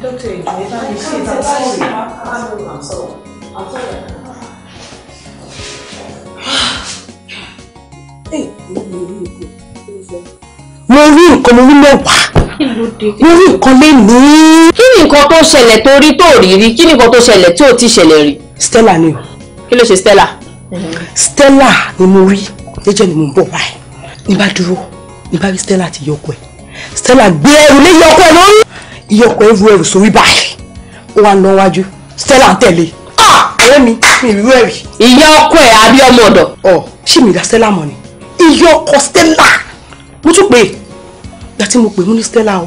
Dr. Ejo, if I can see it, I'm sorry. I'm sorry. I'm sorry. mo rí nǹkan mo rí mẹ́wàá mo rí nǹkan lénìí. kí ni nǹkan tó ṣẹlẹ̀ tó rí tó rí rí kí ni nǹkan tó ṣẹlẹ̀ tí ò ti ṣẹlẹ̀ rí. Stella ni o. kí ló ṣe Stella. Stella ni mo rí jẹ́jẹ́ ni mo ń bọ̀ báyìí ní bá dúró ní bá rí Stella ti yọkọ ẹ̀ Stella gbé ẹrù lé iye ọkọ ẹ lórí. iye ọkọ ẹ ru ẹrù sórí báyìí ó wá lọ wájú Stella ń tẹ̀lé ah! Ah! ọ̀rẹ́ mi mi ìrú ẹ̀rì. ìyá ọkọ ẹ àbí ọmọ ọ̀dọ̀. ọ ṣé mi ìdá Stella mọ ni iye Stella mo tún pè é ìgbà tí mo pè mú ní Stella o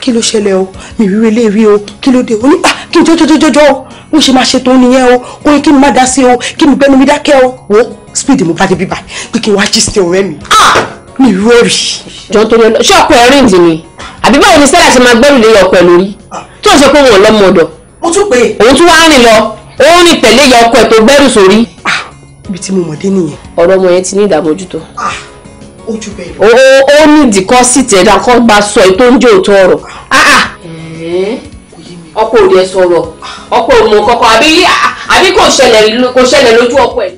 kí ló ṣẹlẹ̀ o mi ìrú ilé rí o kí ló dé o nípa kí n jọjọjọjọ o mo ṣe máa ṣètò nìyẹn o ó yẹ kí n má dá sí o kí n gbẹnu mi dákẹ́ o wo speed mo bá dé bíbá pé kí n wá jí sí ọ̀rẹ́ mi. Ah! mi rẹ́rì. jọ́n torí ọlọ ṣé ọkọ ẹ̀rín dì ni àbí báwo ni Stella ṣe máa gbẹ́rù lé ọkọ ẹ̀ lórí tí ò ń sọ pé òun ò lọ́mọ ọ̀dọ̀. mo tún pè é. òun tún wá rìn lọ òun rìn tẹ̀lé ìyá ọkọ ẹ̀ tó gbẹ́rù sórí. Ah, ibi tí mo mọ̀ dé nìyẹn. ọ̀rọ̀ ọmọ yẹn ti ní ìdààmójútó. ojú ah, bẹ́ẹ̀ lọ. o ní ìdíkọ́ sí tẹ̀dá kọ́ gba sọ èyí tó ń jẹ́ òótọ́ ọ̀rọ̀. Ah, ọkọ ò dẹ sọ̀rọ̀ ọkọ ò mọ̀ kọ́kọ́ àbí kò ṣẹlẹ̀ lójú ọkọ ẹ̀.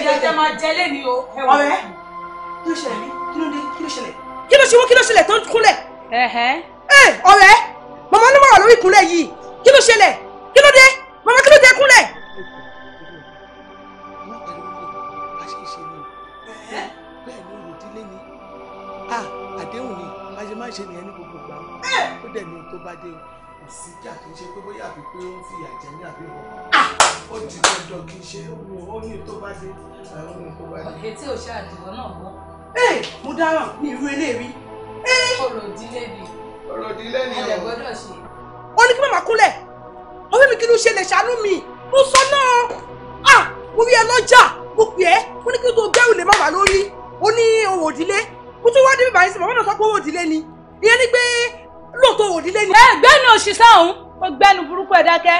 ìyá tẹ máa jẹ lé ní o. ọ̀rẹ́ kí ló ṣẹlẹ̀ kí ló dé kí ló ṣẹlẹ̀. kí ló ṣe wọ́n kí ló ṣẹlẹ̀ tó ń kúnlẹ̀. ọ̀rẹ́ màmá ló wà lórí ìkúnlẹ̀ yìí kí ló ṣẹlẹ̀ kí ló dé màmá kí ló dé kúnlẹ̀. àdéhùn ni a ṣe máa ń ṣe nìyẹn ní gbogbo ìgbà ó dẹ̀ ní tó bá dé o sí jà kí ṣe pé bóyá àfi pé ó ń fìyà jẹ ní àbí ìwọ̀n. Ah! ó di dandan kí n ṣe ohun ó tó bá dé ohun tó bá dé. ọ̀gẹ̀ tí ò ṣàdìwọ́ náà gbọ́. ee eh! mo dáràn ní irú eléèrí. Eh! ọ̀rọ̀ ìdílé ni. ọ̀rọ̀ ìdílé ni o. ọ̀rọ̀ gbọ́dọ̀ ṣe. ó ní kí màmá kúnlẹ̀ ó fẹ́ mi kí ló ṣẹlẹ̀ ṣàánú mi mo sọ náà ah mo rí ẹ lọ́jà mo pè é mo ní kí n tó gbẹ́rù lè má wà lórí ó ní owó ìdílé mo tún wá débi bàyìí sí màmá náà sọ pé owó ìdílé ni ìyẹn ni pé lóòótọ́ òdì lẹ́nu. ẹ gbẹ́nu òṣìṣẹ́ òun ó gbẹ́nu burúkú ẹ̀ dákẹ́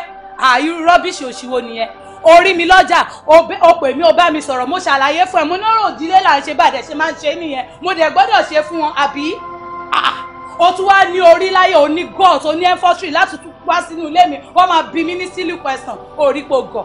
àyù rọ́bìṣì òṣìwò nìyẹn orí mi lọ́jà o pè mí o bá mi sọ̀rọ̀ mo ṣàlàyé fún ẹ mo náà òdìlé là ń ṣe bàdẹ̀ ṣe máa ń ṣe nìyẹn mo dẹ̀ gbọ́dọ̀ ṣe fún wọn àbí ah, ah. o tún wá ní orí láyé o ní gọ́ọ̀t o ní ẹ́fọ́tírì láti tún wá sínú ilé mi wọ́n máa bí mi ní sílì question orí pò gọ̀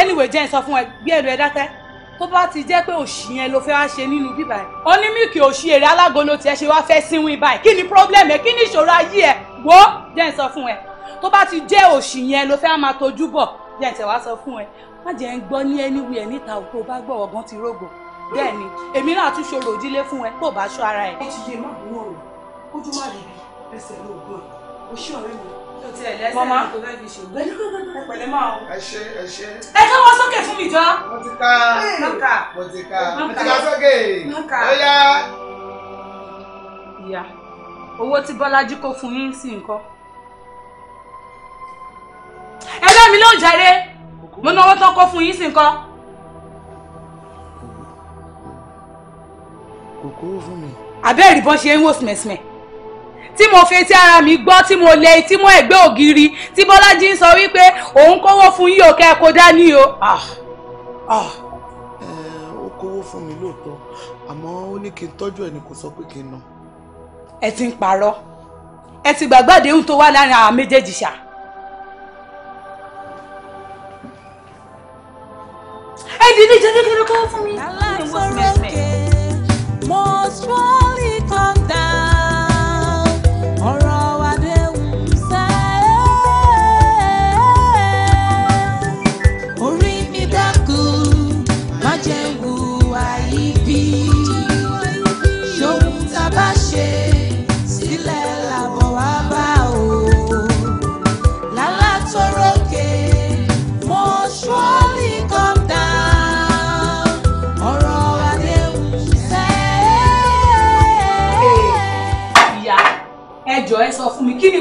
anyway jẹ́ n sọ fún ẹ gbé ẹ̀rọ ẹ tó bá ti jẹ́ pé òṣì yẹn ló fẹ́ wá ṣe nínú bíbá ẹ̀. ó ní mílìkì òṣì èrè alágolo tiẹ̀ ṣe wá fẹ́ sínwín báyìí kí ni problem ẹ kí ni ìṣòro ayé ẹ wo jẹ́ ń sọ fún ẹ tó bá ti jẹ́ òṣì yẹn ló fẹ́ máa tojú bọ̀ jẹ́ ń tẹ̀ wá sọ fún ẹ má jẹ́ ń gbọ́ ní ẹniwì ẹ̀ níta ò tó bá gbọ́ ọ̀gán ti rògbò bẹ́ẹ̀ èmi náà tún ṣòro òdílé fún ẹ tó bá ṣọ́ ara ẹ. ó ti yé má bínú ọ̀rọ̀ kó tún má rí ẹsẹ̀ lóògùn mama pẹ̀lẹ́ máa o. ẹ ṣe ẹ ṣe. ẹ jẹ́ wọ́n sókè fún mi jọ. mo ti ka mo ti ka mo ti ka sókè ó yá. ìyá owó tí bọ́lájí kó fún yín sí nǹkan. ẹgbẹ́ mi ló jàre mo náwó tán kó fún yín sí nǹkan. kòkó fún mi. àbẹ́ẹ̀rì bọ́n ṣe ń wò sìmẹ̀sìmẹ̀ tí mo fetí ara mi gbọ́ tí mo lẹ etí mọ́ ẹ̀gbẹ́ ògiri tí Bọ́lájí ń sọ wípé òun kówó fún yín o kẹ́ ẹ kó dání o. Ah, ah, eh, ó kówó fún mi lóòótọ́ àmọ́ ó ní kí n tọ́jú ẹ̀ ni kò sọ pé kí n nà. ẹ ti ń parọ́ ẹ ti gbàgbọ́ àdéhùn tó wà láàrin àwọn méjèèjì ṣá. ẹ dìde jẹ́ kékeré kówó fún mi. aláìsọ̀rọ̀ òkè mọ̀ ṣọ́.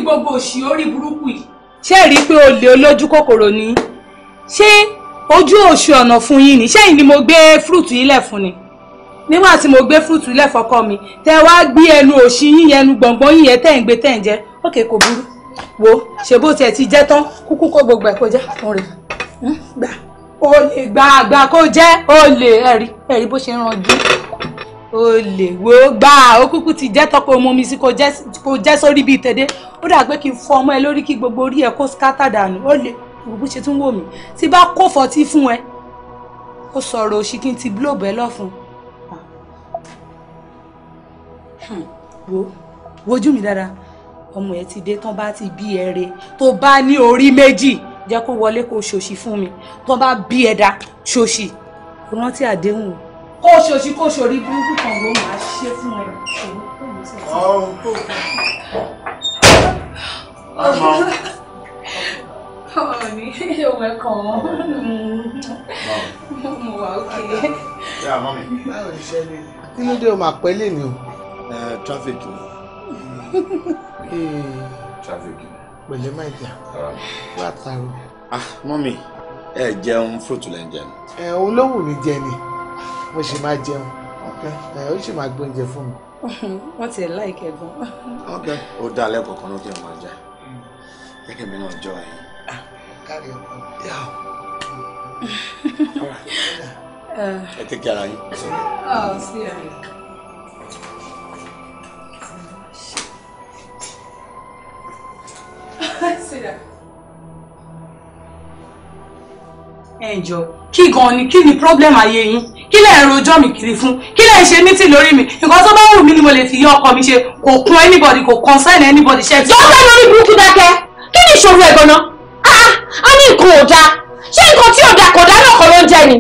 gbogbo òṣì orí burúkú yìí. ṣé ẹ rí i pé olè olójú kòkòrò ni ṣé ojú òṣì ọ̀nà fún yín ni ṣẹ́yìn ni mo gbé fúrùtù ilẹ̀ fún ni nígbà tí mo gbé fúrùtù ilẹ̀ fọkọ mi tẹ wá gbé ẹnu òṣì yín ẹnu gbọ̀ngbọ̀n yín yẹn tẹ̀ ń gbé tẹ̀ ń jẹ ókè kò burú wo ṣe bó tiẹ̀ ti jẹ́ tán kúkú kó gbogbo ẹ̀ kó jẹ́ òun rè hmm, gbà olè gbàgbà kó jẹ́ olè ẹ̀rí ẹ̀rí bó ṣe ń ranjú o lè wo gbà o kuku ti jẹ́ tọ́pọ̀ ọmọ mi sí kò jẹ́ sórí bíi tẹ́dẹ́ ó dà pé kí n fọ ọmọ ẹ lórí kí gbogbo orí ẹ kó skátà dànù ó lè òkú ṣe tún wò mí tí bá kó fọtí fún ẹ ó sọ̀rọ̀ òṣì kí n ti blóòbù ẹ lọ́fun wo wojú mi dára ọmọ ẹ ti dé tán bá ti bí ẹ tó bá ní orí méjì jẹ́ kó wọlé kó ṣòṣì fún mi tán bá bí ẹ ṣòṣì rántí àdéhùn o kó o kó o burúkú kan ló máa ṣe fún ẹ ṣòro kó o ṣe sí. ọ̀rọ̀ ni ìwé kan mo wà ókè. kí ló dé o máa pẹ́ lé ni o. traffic ni. traffic ni. pẹ̀lẹ́ máa jà látàrú. ah mọ́mí ẹ jẹun fúrútù lẹ́ ń jẹun. ẹ olówó mi jẹ ni mo sì máa jẹun ó sì máa gbóúnjẹ fún mi. wọ́n ti láìkẹ́ gan. ó dá alẹ́ kọ̀ọ̀kan ló kí n máa jẹ gẹ́gẹ́ mi náà jọ ẹ̀yìn. kárí ọkọ. ẹ tẹ́kẹ́ ara yín. ọ̀ sí ẹ̀rọ. ẹ oh, jọ kí gan ni kí ni problem ayé yín kí lẹ̀ ń rojọ́ mi kiri fún kí lẹ̀ ń ṣe mítì lórí mi nǹkan tó bá wù mí ni mo lè fi yọ ọkọ mi ṣe kò kún anybody kò concern anybody ṣe tí. dókítà lórí burúkú dákẹ́ kí ni ìṣòro ẹ̀ gan-an ah, ah, a ní nǹkan ò dáa ṣé nǹkan tí ò kò dáa náà kọ́ ló ń jẹ ni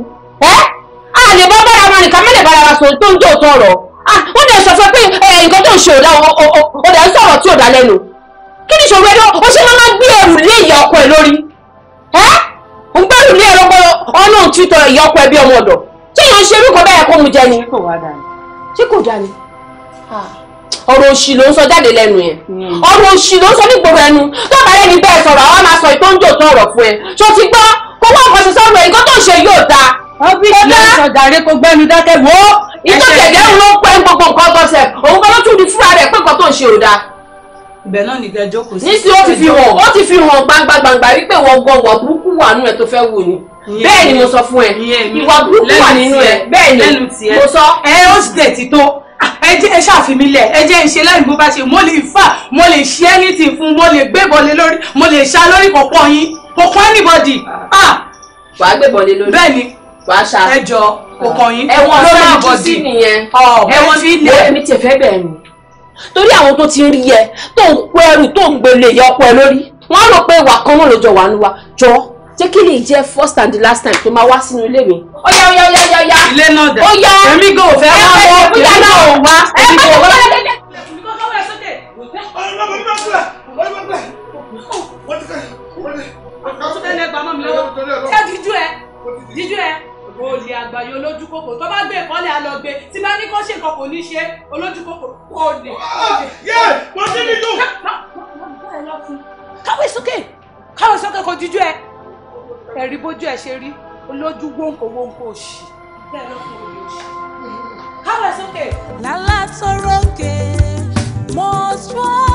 a lè bọ́ bára wa nìkan mẹ́lẹ̀ bára wa sọ tó ń tó tọrọ ah, wọ́n dẹ̀ sọ fún pé nǹkan tó ń ṣe òdà òdà ń sọ̀rọ̀ tí òdà lẹ́nu kí ni ìṣòro ẹ̀ ó ṣe máa gbé ẹrù lé ìyá ọkọ ẹ̀ lórí ń gbẹ́rù lé ẹ̀rọ ọlọ́run títọ ìyá ọkọ ẹ̀ bí ọmọ ọ̀dọ̀ tí èèyàn ṣe irú kan bẹ́ẹ̀ kó mu jẹ ni. ṣé kò wá dà ní. ṣé kò dà ní. Ah. ọ̀rọ̀ òṣì ló ń sọ jáde lẹ́nu yẹn hmm. ọ̀rọ̀ òṣì ló ń sọ nígboro ẹnu tó bá lẹ́ni bẹ́ẹ̀ sọ̀rọ̀ àwọn máa sọ ìtọ́jú tó ọ̀rọ̀ fún ẹ tó ti gbọ́ kó wọ́n kọ́ sí sọ́rọ̀ ẹ̀ nǹkan tó ń ṣe yóò dáa. ọ́fíìsì ló ń sọ dàrí kó gbẹ́nu dákẹ́ wò ó. ìtọ́ jẹ̀jẹ̀ ń ló pẹ́ gbogbo nǹkan ọ̀sẹ̀ òun kan ló tún di fúra rẹ̀ pé nǹkan tó ń ṣe ò dáa ibẹ̀ náà nìkan jókòó sí. nísìnyí ó ti fi hàn ó ti fi hàn gbangba gbangba wípé wọ́n gbọ́ wọ́n burúkú wà nínú ẹ tó fẹ́ wò ni bẹ́ẹ̀ ni mo sọ fún ẹ ìwà burúkú wà nínú ẹ bẹ́ẹ̀ ni mo sọ. ẹ ó sì dẹ̀ ti tó ẹ jẹ́ ẹ ṣàfimilẹ̀ ẹ jẹ́ ìṣe láì bó bá ṣe mo lè fà mo lè ṣe anything fún mo lè gbébọn lé lórí mo lè ṣá lórí kọ̀ọ̀kan yín kọ̀ọ̀kan anybody. wàá gbébọn lé lórí bẹ́ẹ̀ ni wàá ṣá ẹ jọ kọ̀ọ̀kan yín ẹ̀wọ̀n sáà jù sí nìyẹn ẹ̀wọ̀n sí ilé ẹ̀mí tiẹ̀ fẹ́ bẹ̀rù torí àwọn tó ti ń rí ẹ tó ń kó tó ń gbélé ìyá ọkọ ẹ lórí wọn rò pé ìwà kan náà ló jọ wà ń wa jọ jẹ́ kí lè jẹ́ first and the last time tó máa wá sínú ilé mi. ó yá ó yá ó yá ó yá ó yá. ilé náà dà ó yá èmi gò fẹ́ wá wọ́ èmi gò wá èmi gò wá. ṣé jíjú ẹ jíjú ẹ olè àgbáyé olójú kòkò tó bá gbé ìkọ́lé alọ́gbé tí bá ní kó ṣe nǹkan kò ní ṣe olójú kòkò olè. yẹ mo ti ní dùn. káwé sókè káwé sókè kò jíjú ẹ ẹ̀rí bójú ẹ̀ ṣe rí olójú wọ́nkò wọ́nkò òṣì káwé sókè. lálá tó rókè mo sọ.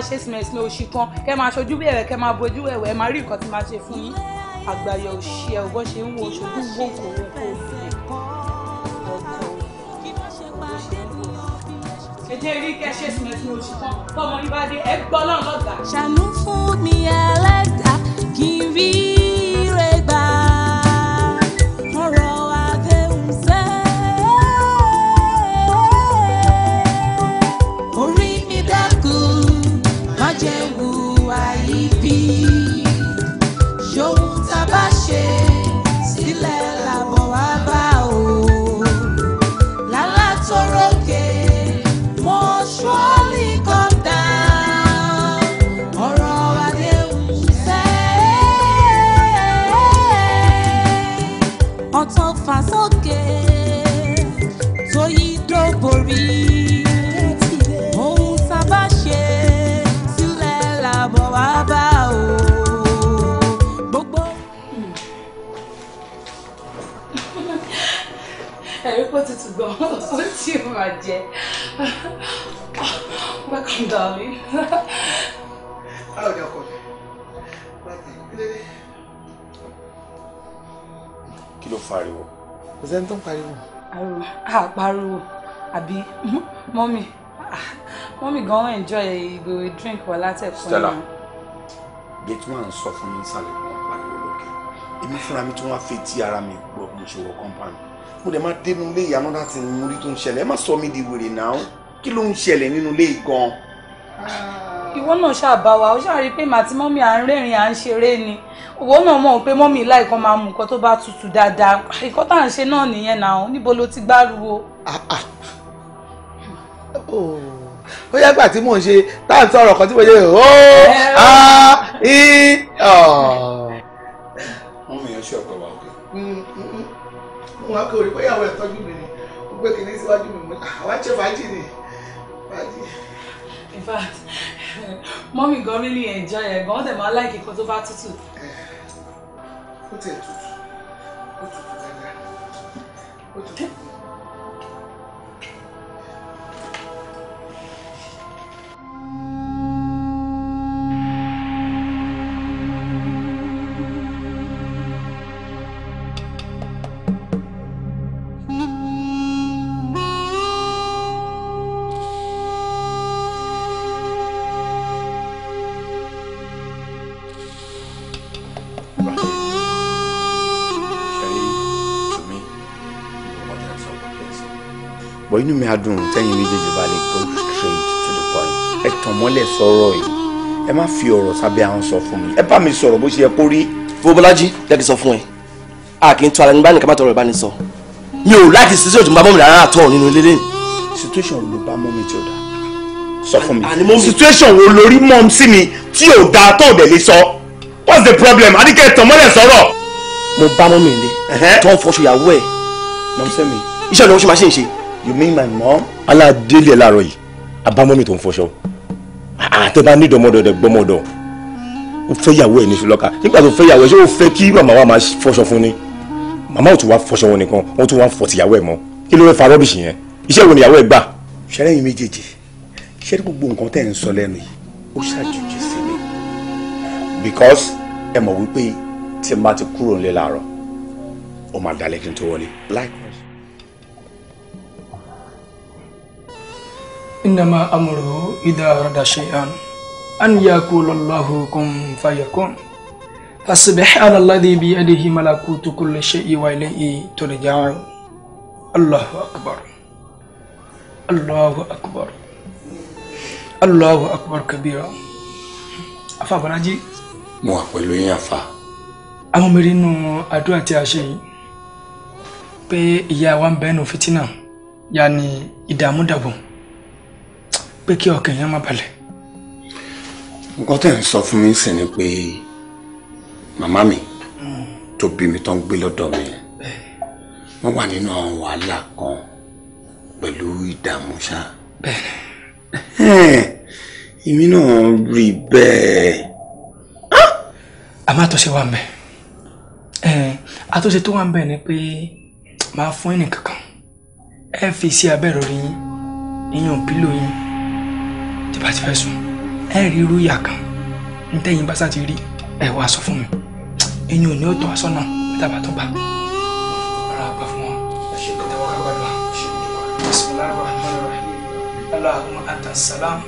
máa ṣe sìmẹ̀sìmẹ̀ òṣì kan kẹ́ máa ṣojú bí ẹ̀rẹ̀ kẹ́ máa bojú ẹ̀wẹ̀ ẹ̀ máa rí nǹkan tí máa ṣe fún yín àgbàyọ̀ òṣì ẹ̀ bọ́ ṣe ń wo ṣojú wo kò wo kò ẹ jẹ́ rí kẹ́ ṣe sìmẹ̀sìmẹ̀ òṣì kan tọ́mọ yín bá dé ẹ gbọ́ náà lọ́gàá. ṣàánú fún mi ẹlẹ́dàá kì í rí tútù gan ó ti máa jẹ welcome darling. báwo ni ọkọ mi láti ìpínlẹ̀ kí ló fa ariwo. kò sẹ́ni tó ń pariwo. ariwo a pariwo àbí mọ́mì mọ́mì gan enjoy ìgbèrè drink wà látẹ̀kọ́ náà. Stella get man sọ fún mi sálẹ̀ kan pariwo lókè èmi fúnra mi tí wọ́n á fetí ara mi gbọ́ mo ṣe wọ compound mo dẹ̀ máa dénú ilé ìyá náà láti mú rí tó ń ṣẹlẹ̀ ẹ má sọ mí di wèrè náà kí ló ń ṣẹlẹ̀ nínú ilé gan. ìwọ náà ṣàbá wa ó ṣàrí pé màtí mọ́mí à ń rẹ́rìn à ń ṣeré ni òwò náà mọ̀ pé mọ́mí láìkan máa mú nǹkan tó bá tutù dáadáa nǹkan tá à ń ṣe náà nìyẹn náà níbo ló ti gbárùwò. Ah, ah. ó yẹ gbà tí mò ń ṣe tá à ń sọ̀rọ̀ kan tí mo ṣe ó á í. mọ́mí yẹn ṣe ọ̀pọ̀ wa òkè. Mm, mm, mm òun á rí bóyáwó ẹ̀ tọ́jú mi ni ó gbé kìíní síwájú mi mú àwa ṣe fàájì ni fàájì. in fact mọ́mí gan really enjoy ẹ̀ gan wọ́n máa like ikọ̀ tó bá tútù. ó tiẹ̀ tútù ó tútù dáadáa ó tútù. inú mi á dùn tẹ́yìn méjèèjì bá lè go straight to the point ẹ tàn mọ́lẹ̀ sọ̀rọ̀ yìí ẹ má fi ọ̀rọ̀ sábẹ́ ahọ́n sọ fún mi ẹ bá mi sọ̀rọ̀ bó ṣe yẹ kó rí. fowóbọ́lájí lẹ́kì sọ fún ẹ a kì í tún ara ní báyìí ká má tọrọ ìbáni sọ mi ò láti situation tó ń bá mọ́ mi rárá àtọ̀ nínú ilé lẹ́yìn. situation ló bá mọ́ mi tí ò dáa sọ fún mi situation wo lórí mọ́ sí mi tí ò dáa tó ò dẹ̀ lè sọ what's the problem adike tàn mọ́lẹ̀ sọ̀rọ̀. mo bá mọ́ mi ilé tó ń fọṣọ ìyàwó ẹ̀. mọ̀ you mean my mom. aládélé láàárọ̀ yìí abámọ́mì tó ń fọṣọ àtẹ̀bá nídìí ọmọdọ̀ dẹ̀ gbọ́mọdọ̀ ó fẹ́ yàwó ẹ̀ ní ṣùlọ́ka nígbà tó fẹ́ yàwó ẹ̀ ṣé ó fẹ́ kí màmá wa máa fọṣọ fún ni màmá ò tún wá fọṣọ wọn nìkan wọn tún wá fọ tìyàwó ẹ̀ mọ́ kí ló fẹ́ fa rọ́bìṣì yẹn iṣẹ́ wo nìyàwó ẹ̀ gbà. ṣẹlẹ̀ yìí méjèèjì ṣé gbogbo nǹkan tẹ́ ń sọ lẹ́nu yìí ó ṣàjòjì sí mi because ẹ mọ̀ wípé tí n bá ti kúrò nílé láàárọ̀ ó máa dalẹ́ kí n tó wọlé like إنما أمره إذا أراد شيئا أن يقول الله كن فيكون فسبحان الذي بيده ملكوت كل شيء وإليه ترجع الله أكبر الله أكبر الله أكبر كبيرا أفا balaji. mo wà pẹ̀lú yín afa. àwọn mèrè nù àdúrà tí a ṣe yìí pé ìyá wa pé kí ọkàn yẹn má balẹ̀. nǹkan tẹ̀ ń sọ fún mi sì ni pé màmá mi hmm. tó bí mi tán gbé lọ́dọ̀ mi eh. wọ́n wà nínú àwọn wàhálà kan pẹ̀lú ìdààmú ṣá. èmi náà rí bẹ́ẹ̀. Ah! àmọ́ àtúnṣe wà ń bẹ̀ àtúnṣe tó wà ń bẹ̀ ni pé máa fún ẹnìkankan ẹ fi sí abẹ́rẹ́ orí yín ìyàn pílò yín tí bá ti fẹ́ sùn ẹ rí irú ìyà kan ntẹ́yìn bá sáti rí ẹ wá sọ fún mi ẹ̀yin ò ní ó tọ́ aṣọ náà nígbà tó bá. ara àgbà fún wọn ìtawọ́ kábàdà bismillahirrahmanirrahim allahumma anta salam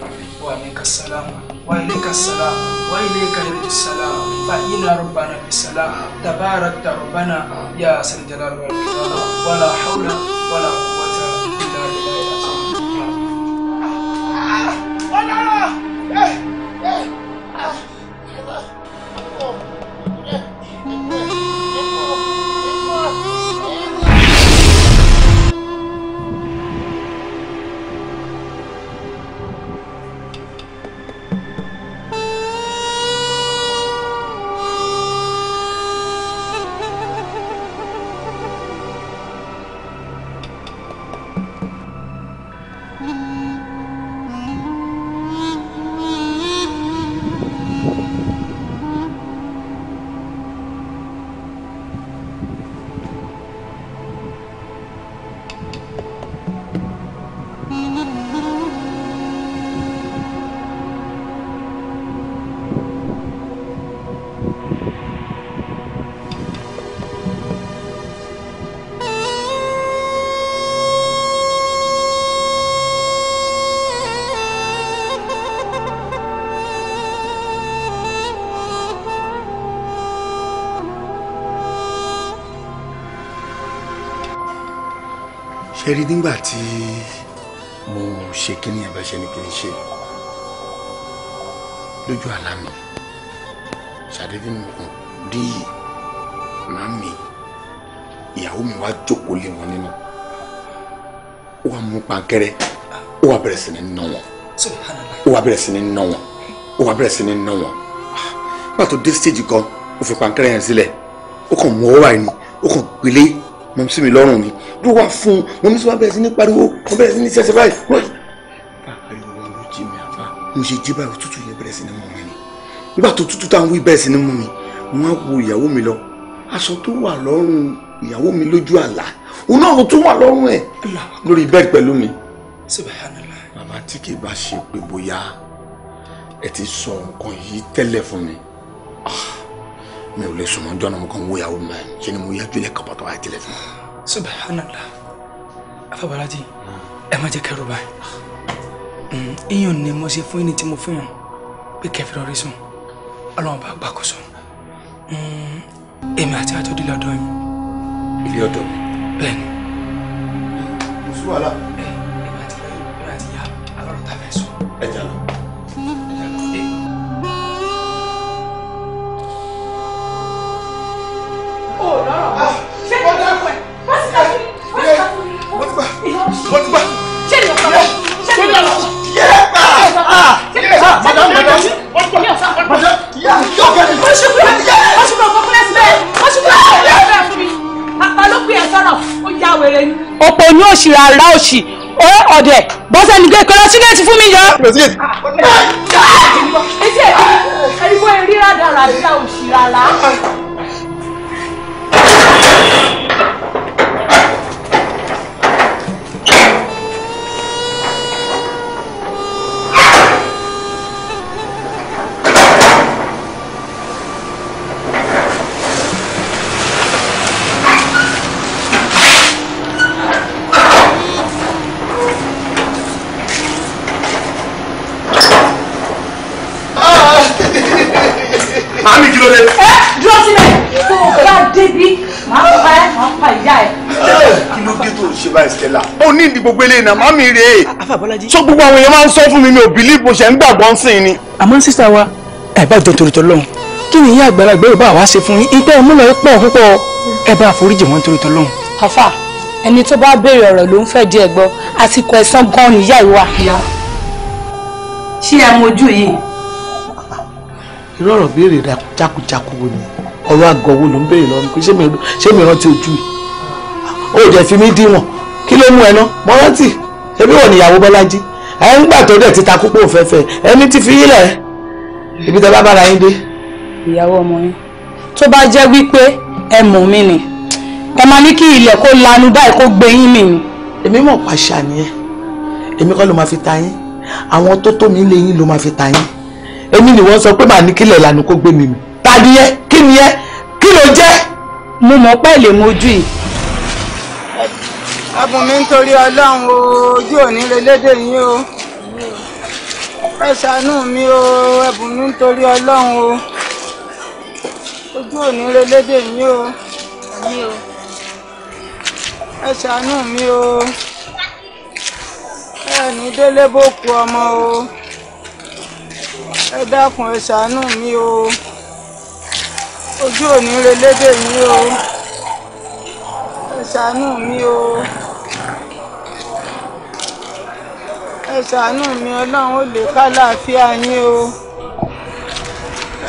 wa minka salam wa ilayka salam wa ilayka salam fa ina rabbana bi salam tabarakta rabbana ya sanjala rabbana wala hawla wala quwwata Hey. ṣe rí nígbà tí mo ṣe kí ni ẹ̀ bá ṣe ni kì í ṣe lójú àlá mi ṣàdédé ni mo rí màá mi ìyàwó mi wá jókòó lé wọn nínú ó wá mú pankẹ́rẹ́ ó wá bẹ̀rẹ̀ sí ní ná wọn ó wá bẹ̀rẹ̀ sí ní ná wọn ó wá bẹ̀rẹ̀ sí ní ná wọn nígbà tó dé stage kan ó fi pankẹ́rẹ́ yẹn sílẹ̀ ó kàn mú ọwọ́ àìní ó kàn gbélé mọ́mísí mi lọ́rùn ni ló wà fún un mọ̀mí sọ wá bẹ̀rẹ̀ sí ní pariwo wọ́n bẹ̀rẹ̀ sí ní ṣẹ̀ṣẹ̀ báyìí. ariwo wọn ló jí mi àbá mo ṣe jí báyìí òtútù yẹn bẹ̀rẹ̀ sí ní mú mi ni nígbà tó tútù táwọn wí bẹ̀rẹ̀ sí ní mú mi wọ́n á wo ìyàwó mi lọ aṣọ tó wà lọ́rùn ìyàwó mi lójú àlá òun náà ló tún wà lọ́rùn ẹ̀ lórí bẹ́ẹ̀ pẹ̀lú mi. màmá tí kì í bá ṣe pé bóyá ẹ ti sọ nǹkan yìí tẹ́lẹ̀ fún mi ah, mi ò lè sùn mọ́ jọ́nà mo kàn ń ìyàwó mi ṣe ni mo yájú ilẹ̀ kàpàtà àìtẹ́lẹ̀ fún mi subhanallah afọbalaji hmm. ẹ má jẹ kẹrù báyìí hmm, iyàn ni mo ṣe fún ẹni tí mo fún yàn pé kẹfì lọ rí sùn Ọlọ́run bá gbàkóso hmm, èmi àti àjọ délé ọ̀dọ̀ yìí. ilé ọ̀dọ̀ mi. bẹ́ẹ̀ni. kò sí wàhálà. ẹ ẹ bá ti yá alọ́run tá a fẹ́ ẹ jà lọ. òpò ní òṣì rárá òṣì ó ọ̀dẹ̀ bọ́sẹ̀ nìgbẹ́ kọ́lá sílẹ̀tì fún mi yọ. ẹ̀sìn ẹ̀rí bọ́ ẹ̀rí rádàrà sí òṣì rárá. mo ní ìdí gbogbo eléyìí náà màmí rè é. àfàbọ́lájí. gbogbo àwọn èèyàn máa ń sọ fún mi mi ò bìlíìfù ṣe ń gbàgbọ́ ń sìn ni. àmọ́ sísá wa ẹ̀bá ìjọ torí tọ́lọ́hún kí ni ìyá àgbàlagbà yóò bá wa ṣe fún yín ìtẹ́ ìmúlò ẹ̀ pọ̀ púpọ̀ ẹ bá àforíjì wọn torí tọ́lọ́hún. àfà ẹni tó bá béèrè ọ̀rọ̀ ló ń fẹ́ di ẹ̀gbọ́ àsìkò ẹ̀san gan ni ìyá ìwà. ṣé ẹ mojú yìí. irú ọ̀rọ̀ béèrè jákujáku wo ni ọ̀rọ̀ àgọ̀ wo ló ń béèrè lọ́wọ́ ṣé mi rántí ojú yìí ó jẹ́ fi mí díwọ̀n kí ló mú ẹ ná mo rántí ebi wọ níyàwó bọ́lájí ẹ ń gbà tó dẹ̀ ti ta kópó òfẹ́fẹ́ ẹni ti fi yílẹ̀ ibi tẹ bá bára yín dé. ìyàwó ọmọ yín tó bá jẹ́ wípé ẹ mọ̀ mí ni ẹ máa ní kí ilẹ̀ kó lanu báyìí kó gbé yín mi ni. èmi mọ̀ pàṣà nìyẹn èmi kọ́ ló máa fi ta yín àwọn tó tó mi lé yín ló máa fi ta yín èmi ni wọ́n sọ pé màá ní kílẹ̀ lanu kó gbé mi mi tàbí yẹ kí ni yẹ kí ló jẹ́. mo mọ̀ pẹ́ẹ́lẹ̀ mojú yìí ẹbùn mi nítorí ọlọ́run o ojú òní relédè yín o ẹ ṣàánú mi o ẹbùn mi nítorí ọlọ́run o ojú òní relédè yín o ẹ ṣàánú mi o ẹ délé bó ku ọmọ o ẹ dákun ẹ ṣàánú mi o ojú òní relédè yín o ẹ ṣàánú mi o. ẹ ṣàánú mi ọlọ́run ó lè kálàáfíà yín o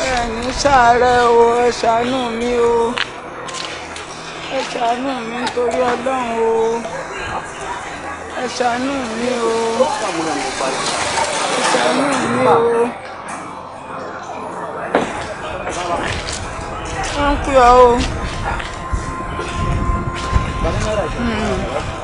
ẹ ní ṣàárẹ̀ o ẹ ṣàánú mi o ẹ ṣàánú mi nítorí ọlọ́run o ẹ ṣàánú mi o ẹ ṣàánú mi o. wọ́n ń pè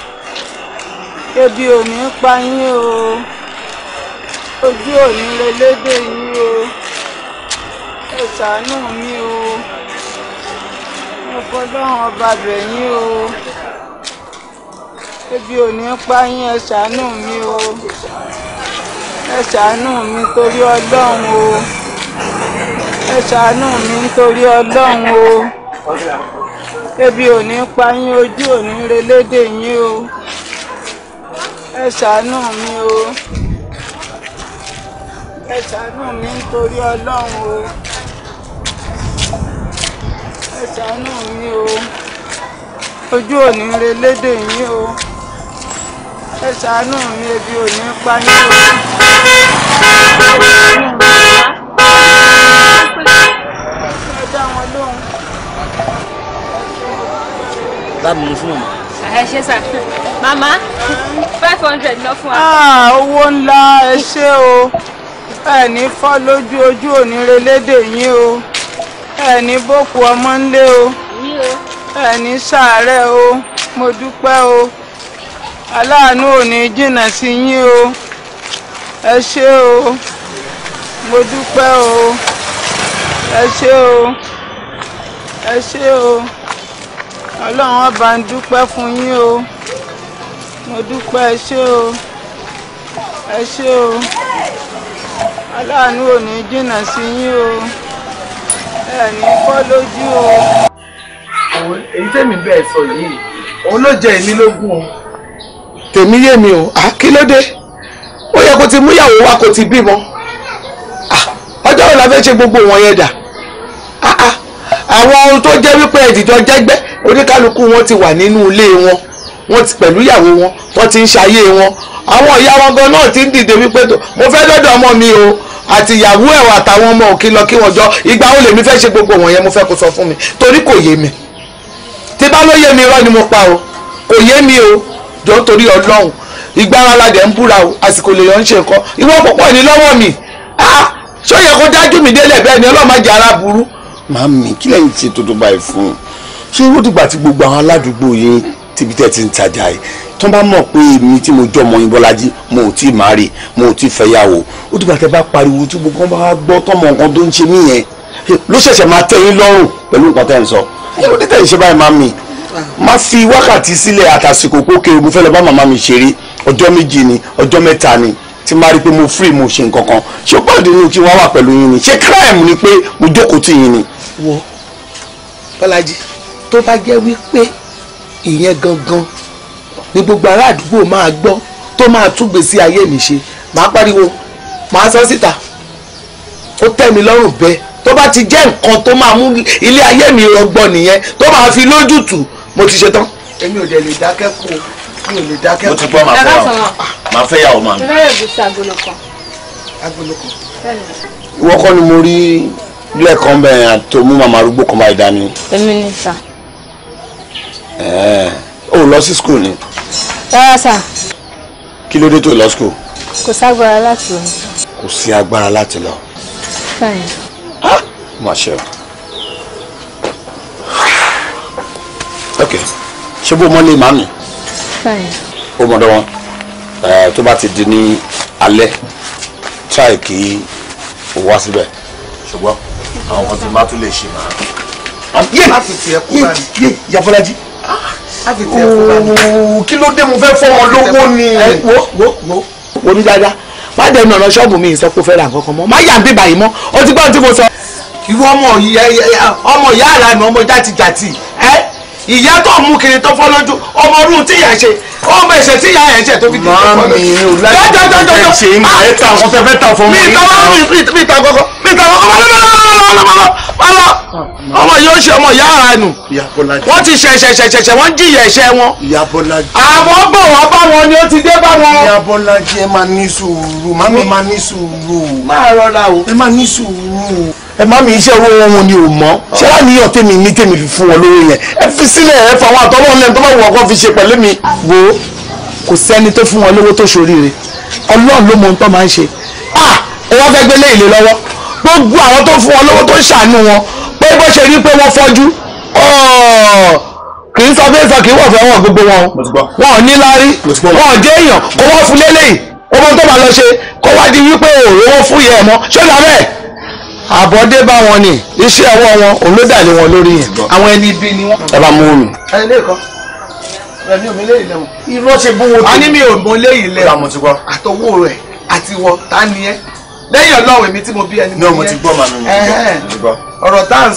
ebi ò ní pa yín o ojú ò ní lelédè yín o ẹ ṣàánú mi o mo ọba bẹ̀ yín o ebi ò ní pa yín ẹ ṣàánú mi o ẹ ṣàánú mi torí ọlọ́run o ẹ ṣàánú mi nítorí ọlọ́run o ebi ò ní pa yín ojú ò ní relédè yín o ẹ ṣàánú mi o ẹ ṣàánú mi nítorí ọlọ́run o ẹ ṣàánú mi o ojú òní ń re lédè yín o ẹ ṣàánú mi ebi òní ń pa yín o. Dá-me um zoom. Ah, é, já sabe. Mama, five hundred ná fún wa. owó ńlá ẹ ṣé o ẹni fọ́ lójú ojú òní relédè yín o ẹni bókù ọmọ ńlé o ẹni sàárẹ̀ o mo dúpẹ́ o aláàánú òní jìnnà sí yín o ẹ ṣé o mo dúpẹ́ o ẹ ṣé o ẹ ṣé o ọlọ́run ọba ń dúpẹ́ fún yín o mo dúpẹ́ ẹ ṣé o ẹ ṣé o aláàánú ò ní jìnnà sí yín o ẹ ní kọ́ lójú o. èyí tèmi bẹ́ẹ̀ sọ yìí òun ló jẹ èmi lógún o. tèmi yé mi o à kí ló dé ó yẹ kó ti múyàwó wa kó ti bímọ ọjọ́ wo la fẹ́ ṣe gbogbo wọn yẹn dà àwọn ohun tó jẹ́ wípé ẹ̀dìjọ́ jẹ́gbẹ́ oníkálukú wọn ti wà nínú ilé wọn wọ́n ti pẹ̀lú ìyàwó wọn wọ́n ti ń ṣayé wọn àwọn ìyá wọn gan náà ti ń dìde wípé mo fẹ́ dọ́dọ̀ ọmọ mi o àti ìyàwó ẹ̀ àtàwọn ọmọ òkè lọ kí wọ́n jọ ìgbà wo lèmi fẹ́ ṣe gbogbo wọ̀nyẹn mo fẹ́ kó sọ fún mi torí kò yé mi tí bá ló yé mi irọ́ ni mo pa o kò yé mi o jọ torí ọlọ́run ìgbára aládẹ̀ ń búra o àsìkò lèyàn ń ṣe nǹkan ìwọ pọ̀pọ̀ ní lọ́wọ́ mi ah ṣó yẹ kó dájú mi délẹ̀ bẹ́ẹ̀ ni ọlọ́run má jẹ́ ara burú. màámi kí lẹ́yìn tí tó tó báyìí fún un ṣé ó dìgbà tí gbogbo àwọn aládùúgbò yẹn síbi tẹ́ ti ń tajà yìí tó bá mọ̀ pé èmi tí mo jọ́ mọ yín bọ́lájí mo ò tí ì máa rí mo ò tí ì fẹ́yàwó ó dìgbà tẹ́ bá pariwo tí gbogbo bá gbọ́ tọmọ nǹkan tó ń ṣe mí yẹn ló ṣẹ̀ṣẹ̀ máa tẹ́ yín lọ́rùn pẹ̀lú nǹkan tẹ́ ń sọ ẹ ló dé tẹ̀ ń ṣe báyìí máa mi má fi wákàtí sílẹ̀ àtàsìkò kókè mo fẹ́ lọ bá màmá mi ṣeré ọjọ́ méjì ni ọjọ́ mẹ́ta ni ti máa rí i pé mo free mo ṣe nǹkan kan ṣé ó pàdé inú kí wọ́n wà pẹ̀lú yín ni ṣé crime ni pé mo jókòó tì yín ni. wo Bọ́lájí tó bá jẹ́ wípé ìyẹn gangan ni gbogbo ará àdúgbò máa gbọ́ tó máa tún gbèsè ayé mi ṣe màá pariwo màá sọ síta ó tẹ́ mi lọ́rùn bẹ́ẹ̀ tó bá ti jẹ́ nǹkan tó máa mú ilé ayé mi rọgbọ nìyẹn tó máa fi lójútùú mo ti ṣetán. èmi ò dẹ̀ lè dákẹ́ kú mi ò lè dákẹ́ kú. mo ti gbọ́ màá fẹ́ yàwó màá fẹ́ yàwó màá. ìrẹ́ ìbùsùn agolokọ. agolokọ. ìwọ kọ́ ni mo rí lẹ́ẹ̀kan bẹ́ẹ̀ àtòmú màmá arúgbó kan báyìí dání. èmi ni sà o lọ sí school ni. rárá sà. kí ló dé tó lọ school. kò ságbára láti lọ. kò sí agbára láti lọ. fine. ah má ṣe o. ok ṣé bó mọ́lé màmí. fine. ó mọ̀ dánwọ́n tó bá ti di ní alẹ́ try kí o wá síbẹ̀ ṣùgbọ́n àwọn kan tí má tún lè ṣe máa. yé yé yé yàfọlájí kí ló dé mo fẹ́ fọmọ lówó ni. wo ní dáadáa má dẹ̀ nà ọ̀nà ṣọ́ọ̀bù mi sọ pé ó fẹ́ ra nǹkan kan mọ́ má yà ń bí báyìí mọ́ ó ti gbọ́ tí mo sọ. ìwọ ọmọ ọmọ ìyá ara mi ọmọ jàtìjàtì ẹ ìyá tó mú kiri tó fọ́ lójú ọmọ ọdún tíyà ṣe ọmọ ẹsẹ tí ìyá ẹ jẹ tó fi di ìjọba náà. mami o láyé ọjọ́ ẹ ṣe ń bẹ̀rẹ̀ ah! ta àwọn fẹ́fẹ́ ta fún mi. mi ta wọn mi ta kọkọ mi ta ọmọ lọ́wọ́ lọ́wọ́ lọ́wọ́ lọ́wọ́ lọ́wọ́ ọmọ yóò ṣe ọmọ ìyá ara nù. wọ́n ti ṣẹ̀ ṣẹ̀ ṣẹ̀ ṣẹ̀ṣẹ̀ wọ́n jìyà ẹ̀ṣẹ̀ wọn. àwọn bò wọ́n bá wọn ni ó ti dé bá wọn. ìyàbọ̀lájì ẹ máa ní sùúrù mami máa ní sùúrù. máa rọra o. ẹ máa ní sùúrù ẹ má mi iṣẹ́ owó wọn ni ò mọ́ ṣé láníyàn tèmi ní tèmi fi fún wọn lówó yẹn ẹ fi sílẹ̀ ẹ fà wọn àtọ́wọ́ lẹ́nu tó bá wù ọkọ fi ṣe pẹ̀lú mi. wo kò sẹ́ni tó fún wọn lówó tó ṣoríire ọlọ́run ló mọ ohun tó máa ń ṣe ah ẹ wá fẹ́ gbélé ìlé lọ́wọ́ gbogbo àwọn tó fún wọn lówó tó ṣàánú wọn pé bó ṣe rí pé wọ́n fọ́jú kì í sọ bí sọ kì í wọ̀ fẹ́ wọn gbogbo wọn wọn ò ní lárí wọn ò jẹ́ èèyàn kó wọ́n fún lélẹ́yìn owó tó máa lọ ṣe kó wá di wípé òòrùn fún yẹ mọ́ ṣé ó dà bẹ́ẹ̀ àbọ̀dé bá wọn ni iṣẹ́ ọwọ́ wọn òun ló dàlé wọn lórí yẹn. àwọn ẹni bí ni wọn. ẹ bá mú un. ẹni lè kọ́ ẹni ò mí léyìn lẹ́wọ̀n. irọ́ ṣe bó wo tó. a ní mi ò mọ léyìn lẹ́wọ̀n àtọwọ́ rẹ̀ àti wọ ta ni ẹ lẹ́yìn ọlọ́run èmi tí mo bí ẹni mo ti gbọ́ màmí mi. ọ̀rọ̀ tá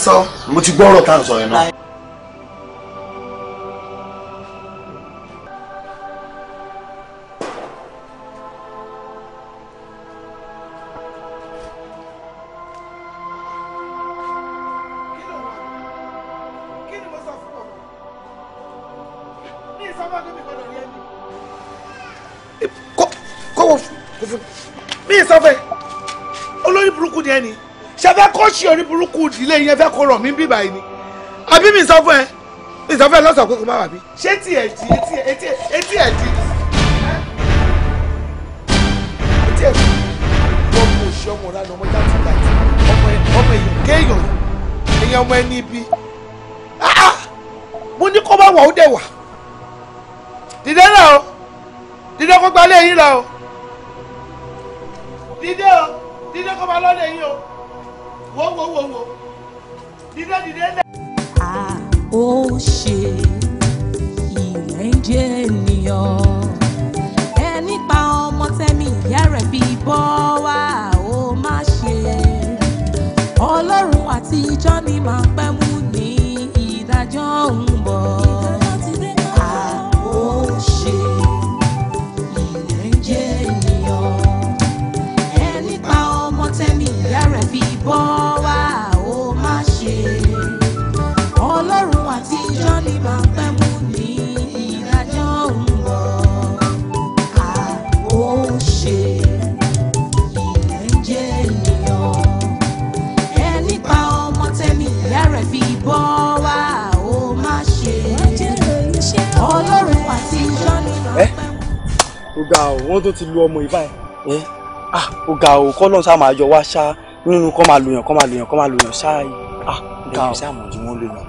mi sọ fẹ́ olórí burúkú ni ẹni ṣe fẹ́ kó ṣe orí burúkú ìdílé yẹn fẹ́ kó rọ̀ mí bí báyìí ni àbí mi sọ fún ẹ mi sọ fún ẹ lọ́sàn-án pé kò má wà bí ṣé tí ẹ̀ jí etí ẹ̀ jí etí ẹ̀ jí etí ẹ̀ jí wọ́n kò ni ọmọ rẹ ọmọ jáde láti ọmọ ẹ ọmọ èèyàn kéèyàn èèyàn ọmọ ẹni ibi mo ní kó bá wà ó dẹ̀ wà dídẹ́ rà ó dídẹ́ kó gbalẹ̀ yín rà ó dídé o dídé kó máa lọ́dẹ yín o wò wò wò wò dídé dídé lẹ. a ó ṣe ìyẹn jẹ́ ènìyàn ẹni pa ọmọ tẹ́mi ìyá rẹ̀ bí bọ́ wá ó má ṣe ọlọ́run àti ìjọ ni màá pẹ́ mú ní ìdájọ́ ń bọ̀. ọ̀gá ò wọ́n tó ti lu ọmọ yìí báyìí ẹ́ ah ọ̀gá ò kọ́ náà sáà máa yọ wá ṣá nínú kọ́ máa lòyàn kọ́ máa lòyàn kọ́ máa lòyàn ṣá yìí ah ọ̀gá ò sáà mọ̀ ju wọ́n lò lọ.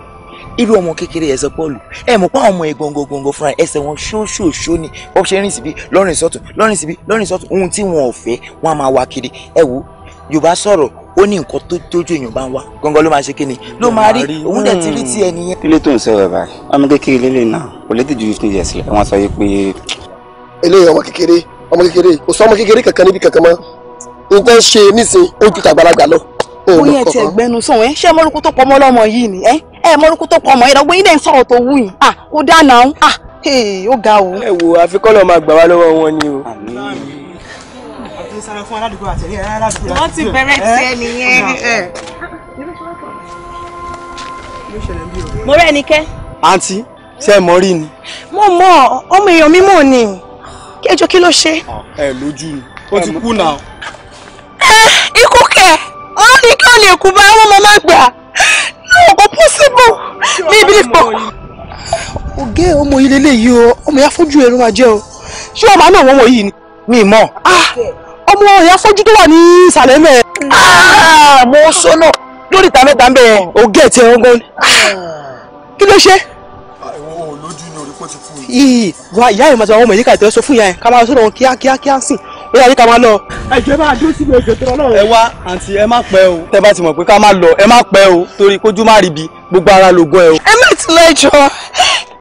irú ọmọ kékeré ẹsẹ pọ́ọ̀lù ẹ mọ̀ pé àwọn ọmọ yẹn gbọ̀ngàn gbọ̀ngàn fúnra ẹsẹ̀ wọn ṣóṣòṣó ni bó ṣe rìn síbi lọ́rìn sọ́tún lọ́rìn síbi lọ́rìn sọ́tún ohun tí wọn ò fẹ́ wọn á máa wá kiri ẹ wo yorùbá sọ̀rọ̀ ó ní nǹkan tó tójú èèyàn bá ń wá gangan ló máa ṣe kíni ló máa rí òun dẹ̀ ti rí hmm. ti ẹnìyẹn. kí ló tó ń sọ̀rọ̀ báyìí ọmọ kékeré lélẹ̀ náà kò lè dìjú fifteen years lẹ̀ wọ́n sọ yìí pé eléyìí ọmọ kékeré ọmọ kékeré kò sọ ọmọ kékeré kankan níbi kankan mọ́ nǹkan ṣe nísìn ó ju tàgbàlagbà lọ. oyin ẹtì ẹgbẹnu sọ ẹ ṣé mọrúkú tó pọmọ lọmọ yìí ni ẹ ẹ mọrúkú tó pọmọ yìí lọgbẹ yìí dẹ ń sọ̀rọ̀ tó wù yìí à kó dáná ó à ó ga o. ẹ wo àfikọ́lọ̀ máa gbà wá lọ́wọ́ wọn ni o. wọ́n ti bẹ̀rẹ̀ tiẹ̀ nìyẹn. mo rẹ́ ẹnikẹ́. àǹtí ṣe é mọ rí ni. mo mọ ọmọ èèyàn mímọ ni ẹjọ́ kí ló ṣe. ẹ lójú ni ó ti kú náà. ẹ ikú kẹ ọ ní kí ọ lè kú bá wọn mọ máa gbà náà kò possible ní ibi ìfọ. ọgẹ ọmọ yìí lélẹyìí o ọmọ ìyá fojú ẹrú máa jẹ o ṣé ọmọ náà wọn wọ̀nyí ni mi mọ. Ah! ọmọ ìyá fojú tó wà ní ìsàlẹ̀ mẹ́. Ah! mo sọnà lórí ìta mẹ́ta mẹ́ ọgẹ́ tiẹ̀ wọ́n gan. Ah! kí ló ṣe. ìwọ ò lójú ni orí kò ti kú yìí ìyá yìí máa ti wà wọ́n mọ̀ yìí ká ìtọ́ sọ fún ìyá yẹn ká máa sọ̀rọ̀ wọn kíá kíá kíá sìn ó yà ní ká máa lọ. ẹ jẹ́ máa dúró síbi ètò ìtọ́ náà. ẹ wá àǹtí ẹ má pẹ́ o tẹ́ bá ti mọ̀ pé ká má lọ ẹ má pẹ́ o torí kójú má ríbi gbogbo ara lògùn ẹ o. ẹ má ti lọ ìjọ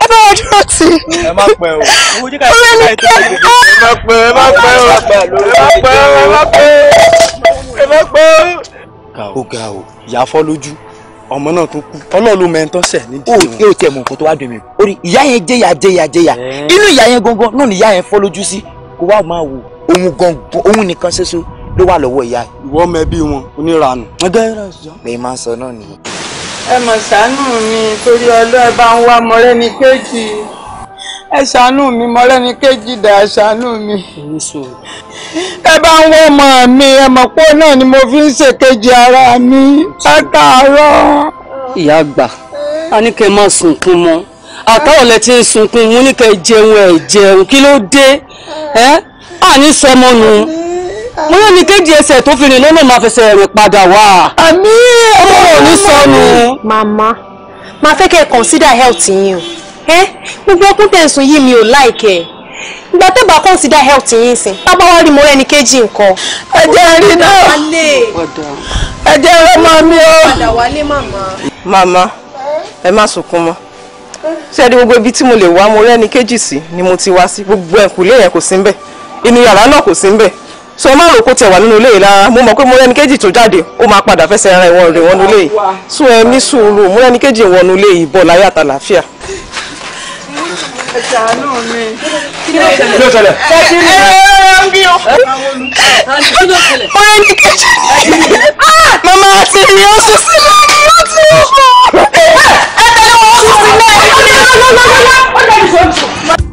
ẹ bá wọn dúró tì. ẹ má pẹ́ o owó jẹ́ ká ẹ má pẹ́ ẹ má pẹ́ o ẹ má pẹ́ o ẹ má pẹ́ o. ó ga o ìyá fọ́ lójú ọmọ náà tó kú ọlọ́run ló mẹ́ntọ́ sẹ̀ ní dídì wọn. o tiẹ̀ mọ̀ nǹkan tó wá dùn mí o rí ìyá yẹn jẹ́yà jẹ́yà jẹ́yà inú ìyá yẹn gangan náà ni ìyá yẹn fọ́ lójú sí kó wá máa wò òun gangan òun nìkan ṣoṣo ló wà lọ́wọ́ ìyá yẹn. ìwọ ọmọ ẹbí wọn oníranù. pé máa sọ náà nìyẹn. ẹ mọ̀ ṣàánú mi torí ọlọ́ ẹ bá ń wá mọ́rẹ́ni kéjì ẹ ṣàánú mi mọ́lẹ́ni kejì dà ẹ ṣàánú mi. ẹ bá ń wọ ọmọ mi ẹ mọ̀ pé náà ni mo fi ń ṣèkejì ara mi látàárọ̀. ìyá àgbà a ní kẹ́ ẹ má sunkún mọ́ àtàwọn lẹ ti ń sunkún mo ní kẹ́ ẹ jẹun ẹ jẹun kí ló dé ẹ àní sọmọ nù mo lẹ́ni kejì ẹsẹ̀ tó fi rìn lọ́nà máa fẹsẹ̀ rìn padà wá. àmì ẹ̀rọ ò ní sọnù. màmá màá fẹ́ kẹ́ ẹ consider health yín o Eh, gbogbo ọkùn tẹ̀sùn yìí mi ò láìkẹ́ ìgbà tẹ́bà consider health yín sìn tábà rí mo rẹ́ni kejì nǹkan. ẹ jẹ́ rí náà ẹ jẹ́ ọmọ mi o. màmá. ẹ má sunkún gbogbo ibi tí mo lè wá mo rẹ́ni ni mo ti wá gbogbo ẹ̀kúlé yẹn kò sí ńbẹ̀ inú yàrá náà kò sí so má rò tẹ wà nínú mo pé mo kejì tó jáde ó máa padà ara yìí so ẹ ní sùúrù ṣàánú mama àti mi ó sùn sí lórí ó ti ń fọ. ẹ tẹ̀lé wọn ó sùn sí lórí.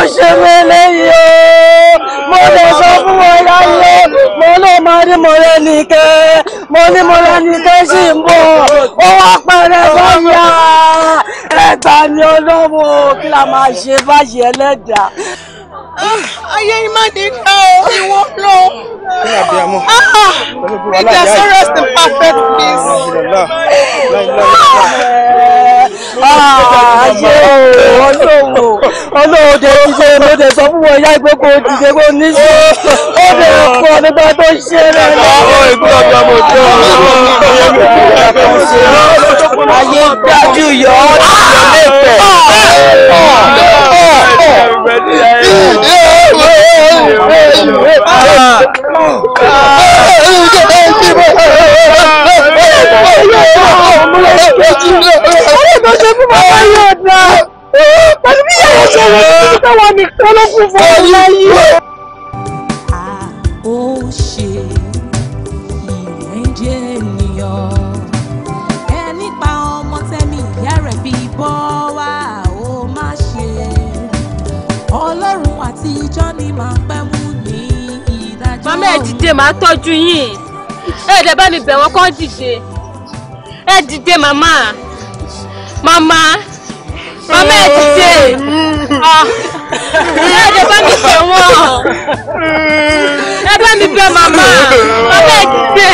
ló ṣe mí léyìí o mo lè sọ fún wọn láyé mo lè má rí Mọ́rẹ́nikẹ́ mo ní Mọ́rẹ́nikẹ́ sì ń bọ̀ ó wá pẹ̀rẹ̀ bọ́yà ẹ̀ta ni olówó kí la máa ṣe báyìí ẹlẹ́dàá. ayé ìmọ̀dé ká o ìwọ lọ. Ah, May their soul rest in perfect peace ayé ọlọ́wọ́ ọlọ́wọ́ jẹ jíjẹ ló dé sọ fún wọn ya pé kò dìde ní sí ó lè fún ọ nígbà tó ṣe rẹ lọ. àwọn ìgbọ́n ọ̀gá mo jẹ́ ọ̀rọ̀ ayé dájú yọ ọ́ ti lè fẹ̀. Ah! tó ṣe fún bàbá yóò dá pẹ̀lú bí ìyàwó ṣe wọ́n ti nìkan ló kún fún ọ̀rọ̀ láyé. a ó dìde màá tọ́jú yín ẹ̀ẹ́dẹ̀ bá mi bẹ̀ wọ́n kọ́ dìde ẹ̀ dìde màmá mama mama ẹ ti dé ah. ẹ jẹ bá mi pè wọn ẹ bá mi pè mama mama ẹ ti dé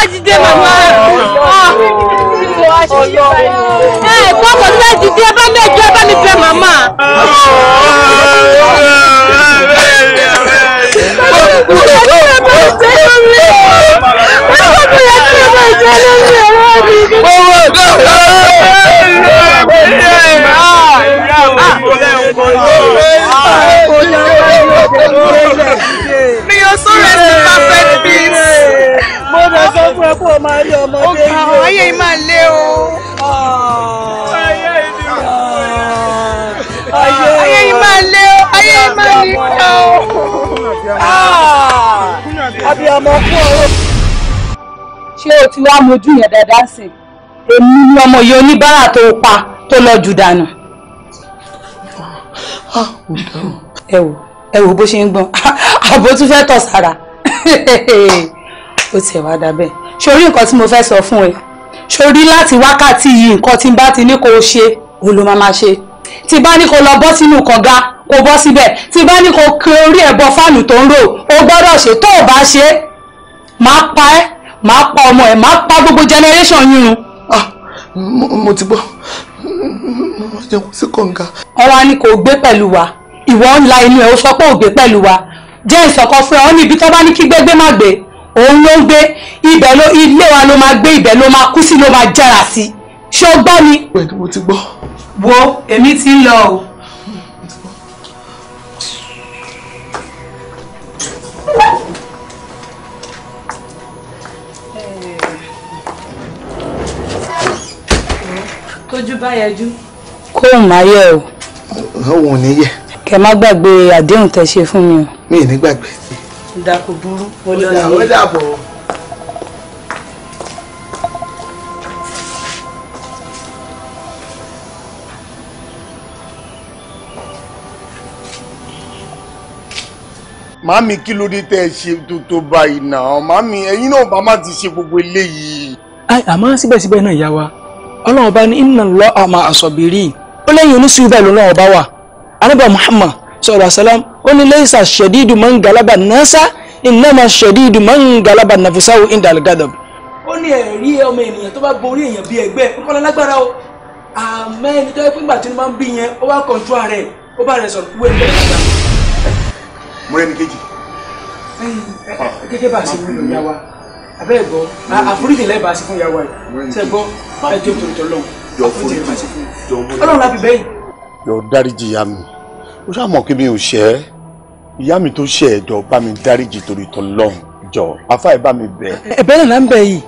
ẹ ti dé mama ah. ẹ kọ́kọ́ sí ẹ ti dé ẹ bá mi ẹjọ́ ẹ bá mi pè mama. Mama, May Abiyamọ fún ọ̀rọ̀ ṣé o ti wá mojú yẹn dáadáa sí i èmi ni ọmọ yìí oníbàárà tó pa tó lọ jù dànù. Ah, ẹ wò ẹ wò bó ṣe ń gbọ́n àbó tún fẹ́ tọ̀ sára ó tiẹ̀ wá dábẹ́ sórí nǹkan tí mo fẹ́ sọ fún ẹ sórí láti wákàtí yìí nǹkan tí n bá ti ní kó o ṣe òun ló máa máa ṣe tí bá ní kó lọ bọ́ sínú kànga kò bọ́ síbẹ̀ tí bá ní kó kí orí ẹ̀ bọ fáànù tó ń rò ó gbọ́dọ̀ ṣe tó o bá ṣe máa pa ẹ́ màá pa ọmọ ẹ̀ màá pa gbogbo generation yín run. Ah, mo ti gbọ́ mo jẹ́ kó sí kànga. ọ̀rọ̀ ni kò gbé pẹ̀lú wa ìwọ ńlá inú ẹ̀ ó sọ pé ò gbé pẹ̀lú wa jẹ́ ìsọ̀kan fún ẹ ọ́ níbi tó bá ní kí gbégbé má gbé òun ló ń gbé ibẹ̀ ló ilé wa ló máa gbé ibẹ̀ ló máa kú sí ló máa jára sí ṣé o gbọ́ ni. mo ti gbọ́. wo èmi ti ń lọ o. Thank you. tójú bá yẹjú. kóun má yẹ o. òun ò ní yẹ. kẹ má gbàgbé àdéhùn tẹ ṣe fún mi o. mi ì ní gbàgbé. ìdàkọ̀ burú. ó dà ó dàbọ̀. màámi kí ló dé tẹ́ ẹ ṣe tó báyìí náà màámi ẹ̀yin náà bá má ti ṣe gbogbo eléyìí. àmọ́ síbẹ̀síbẹ̀ náà ìyá wa ọlọ́run ọba ní inna Allaha ma'a as-sabirin ó lẹ́yìn oníṣìí bẹ́ẹ̀ lọ́nà ọba wà anábà Muhammad sallallahu alaihi wasallam ó ní laysa shadidu man galaba nasa innama shadidu man galaba nafusahu inda al-ghadab ó ní ẹ̀rí ọmọ ènìyàn tó bá borí èèyàn bíi ẹgbẹ́ ó kọ́lá lágbára o àmọ́ ẹni tó yẹ pé gbàtí ni máa ń bí yẹn ó wá kọjú ààrẹ ó bá rẹ sọ̀rọ̀ abẹ́ gbọ́ àforíjì lẹ́ẹ̀bà sí fún ìyàwó ẹ̀ ṣe gbọ́ ẹjọ́ tòótọ́ lọ́hùn àforíjì lẹ́ẹ̀bà sí fún ìyàwó ọlọ́run lábì bẹ́yìn. yóò dáríjì ìyá mi ó ṣàmọ̀ kí mi ò ṣẹ̀ ẹ́ ìyá mi tó ṣẹ̀ ẹ́ jọ bá mi dáríjì torí tọ́lọ́hùn jọ afá ẹ̀ bá mi bẹ̀. ẹ̀bẹ̀ náà là ń bẹ̀ yìí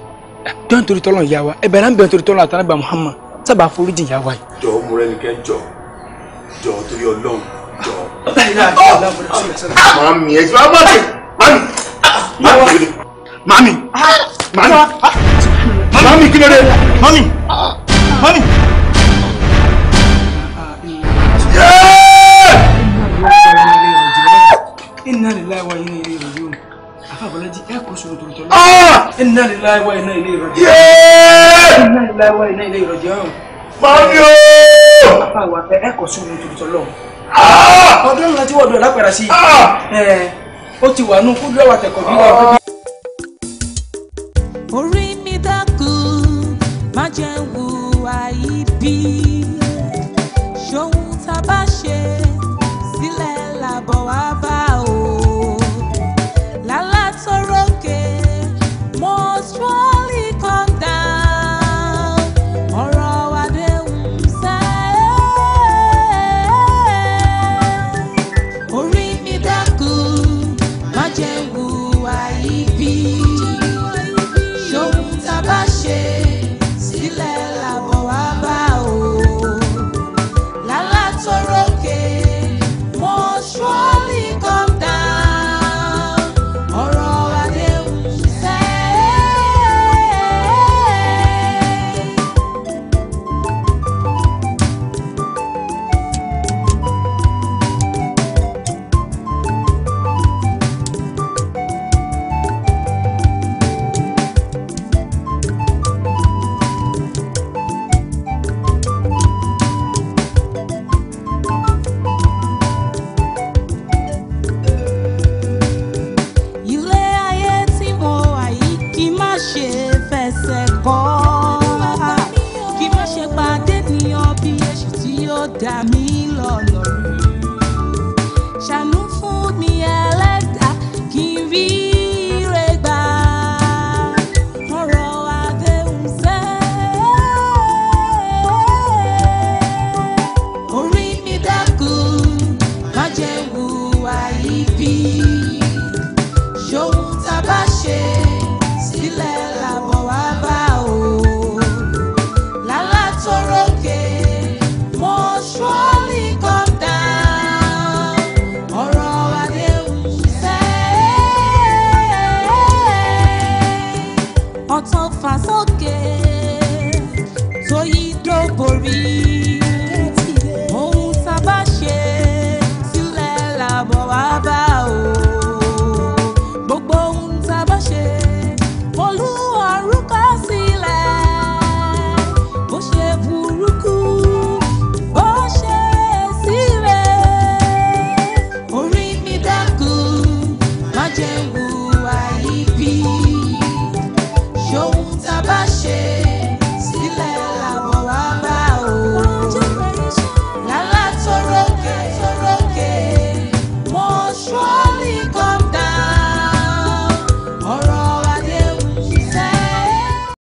jọ́n torí tọ́lọ́hùn ìyá wa ẹ̀bẹ̀ náà ń bẹ̀ torí tọ́lọ́hùn àtàlágbà Muhammad sábà àforíjì ìyá wa. jọ mo rẹ nìkẹ́ jọ jọ torí ọlọ́run jọ. Oh! Ah! màmí ẹ ti wá mọ̀ mi màmí mami ah. mami mami ah. Mami. kí ló dé mami ah. mami. inna lillahi wa inna ilayhi raji'un afabalaji ẹ kò sọ̀rọ̀ tòótọ́ lọ. inna lillahi wa inna ilayhi raji'un. inna lillahi wa inna ilayhi raji'un. mami o. afawa ẹ kò sọ̀rọ̀ tòótọ́ lọ. ọdún ńlá tí wọ́n dùn lápẹ̀rẹ̀ sí i ó ti wà nù kúndùn ẹ̀wà tẹ̀kọ̀ bí wà ó bí orí mi dákú má jẹ́ wù àìbí ṣòwò.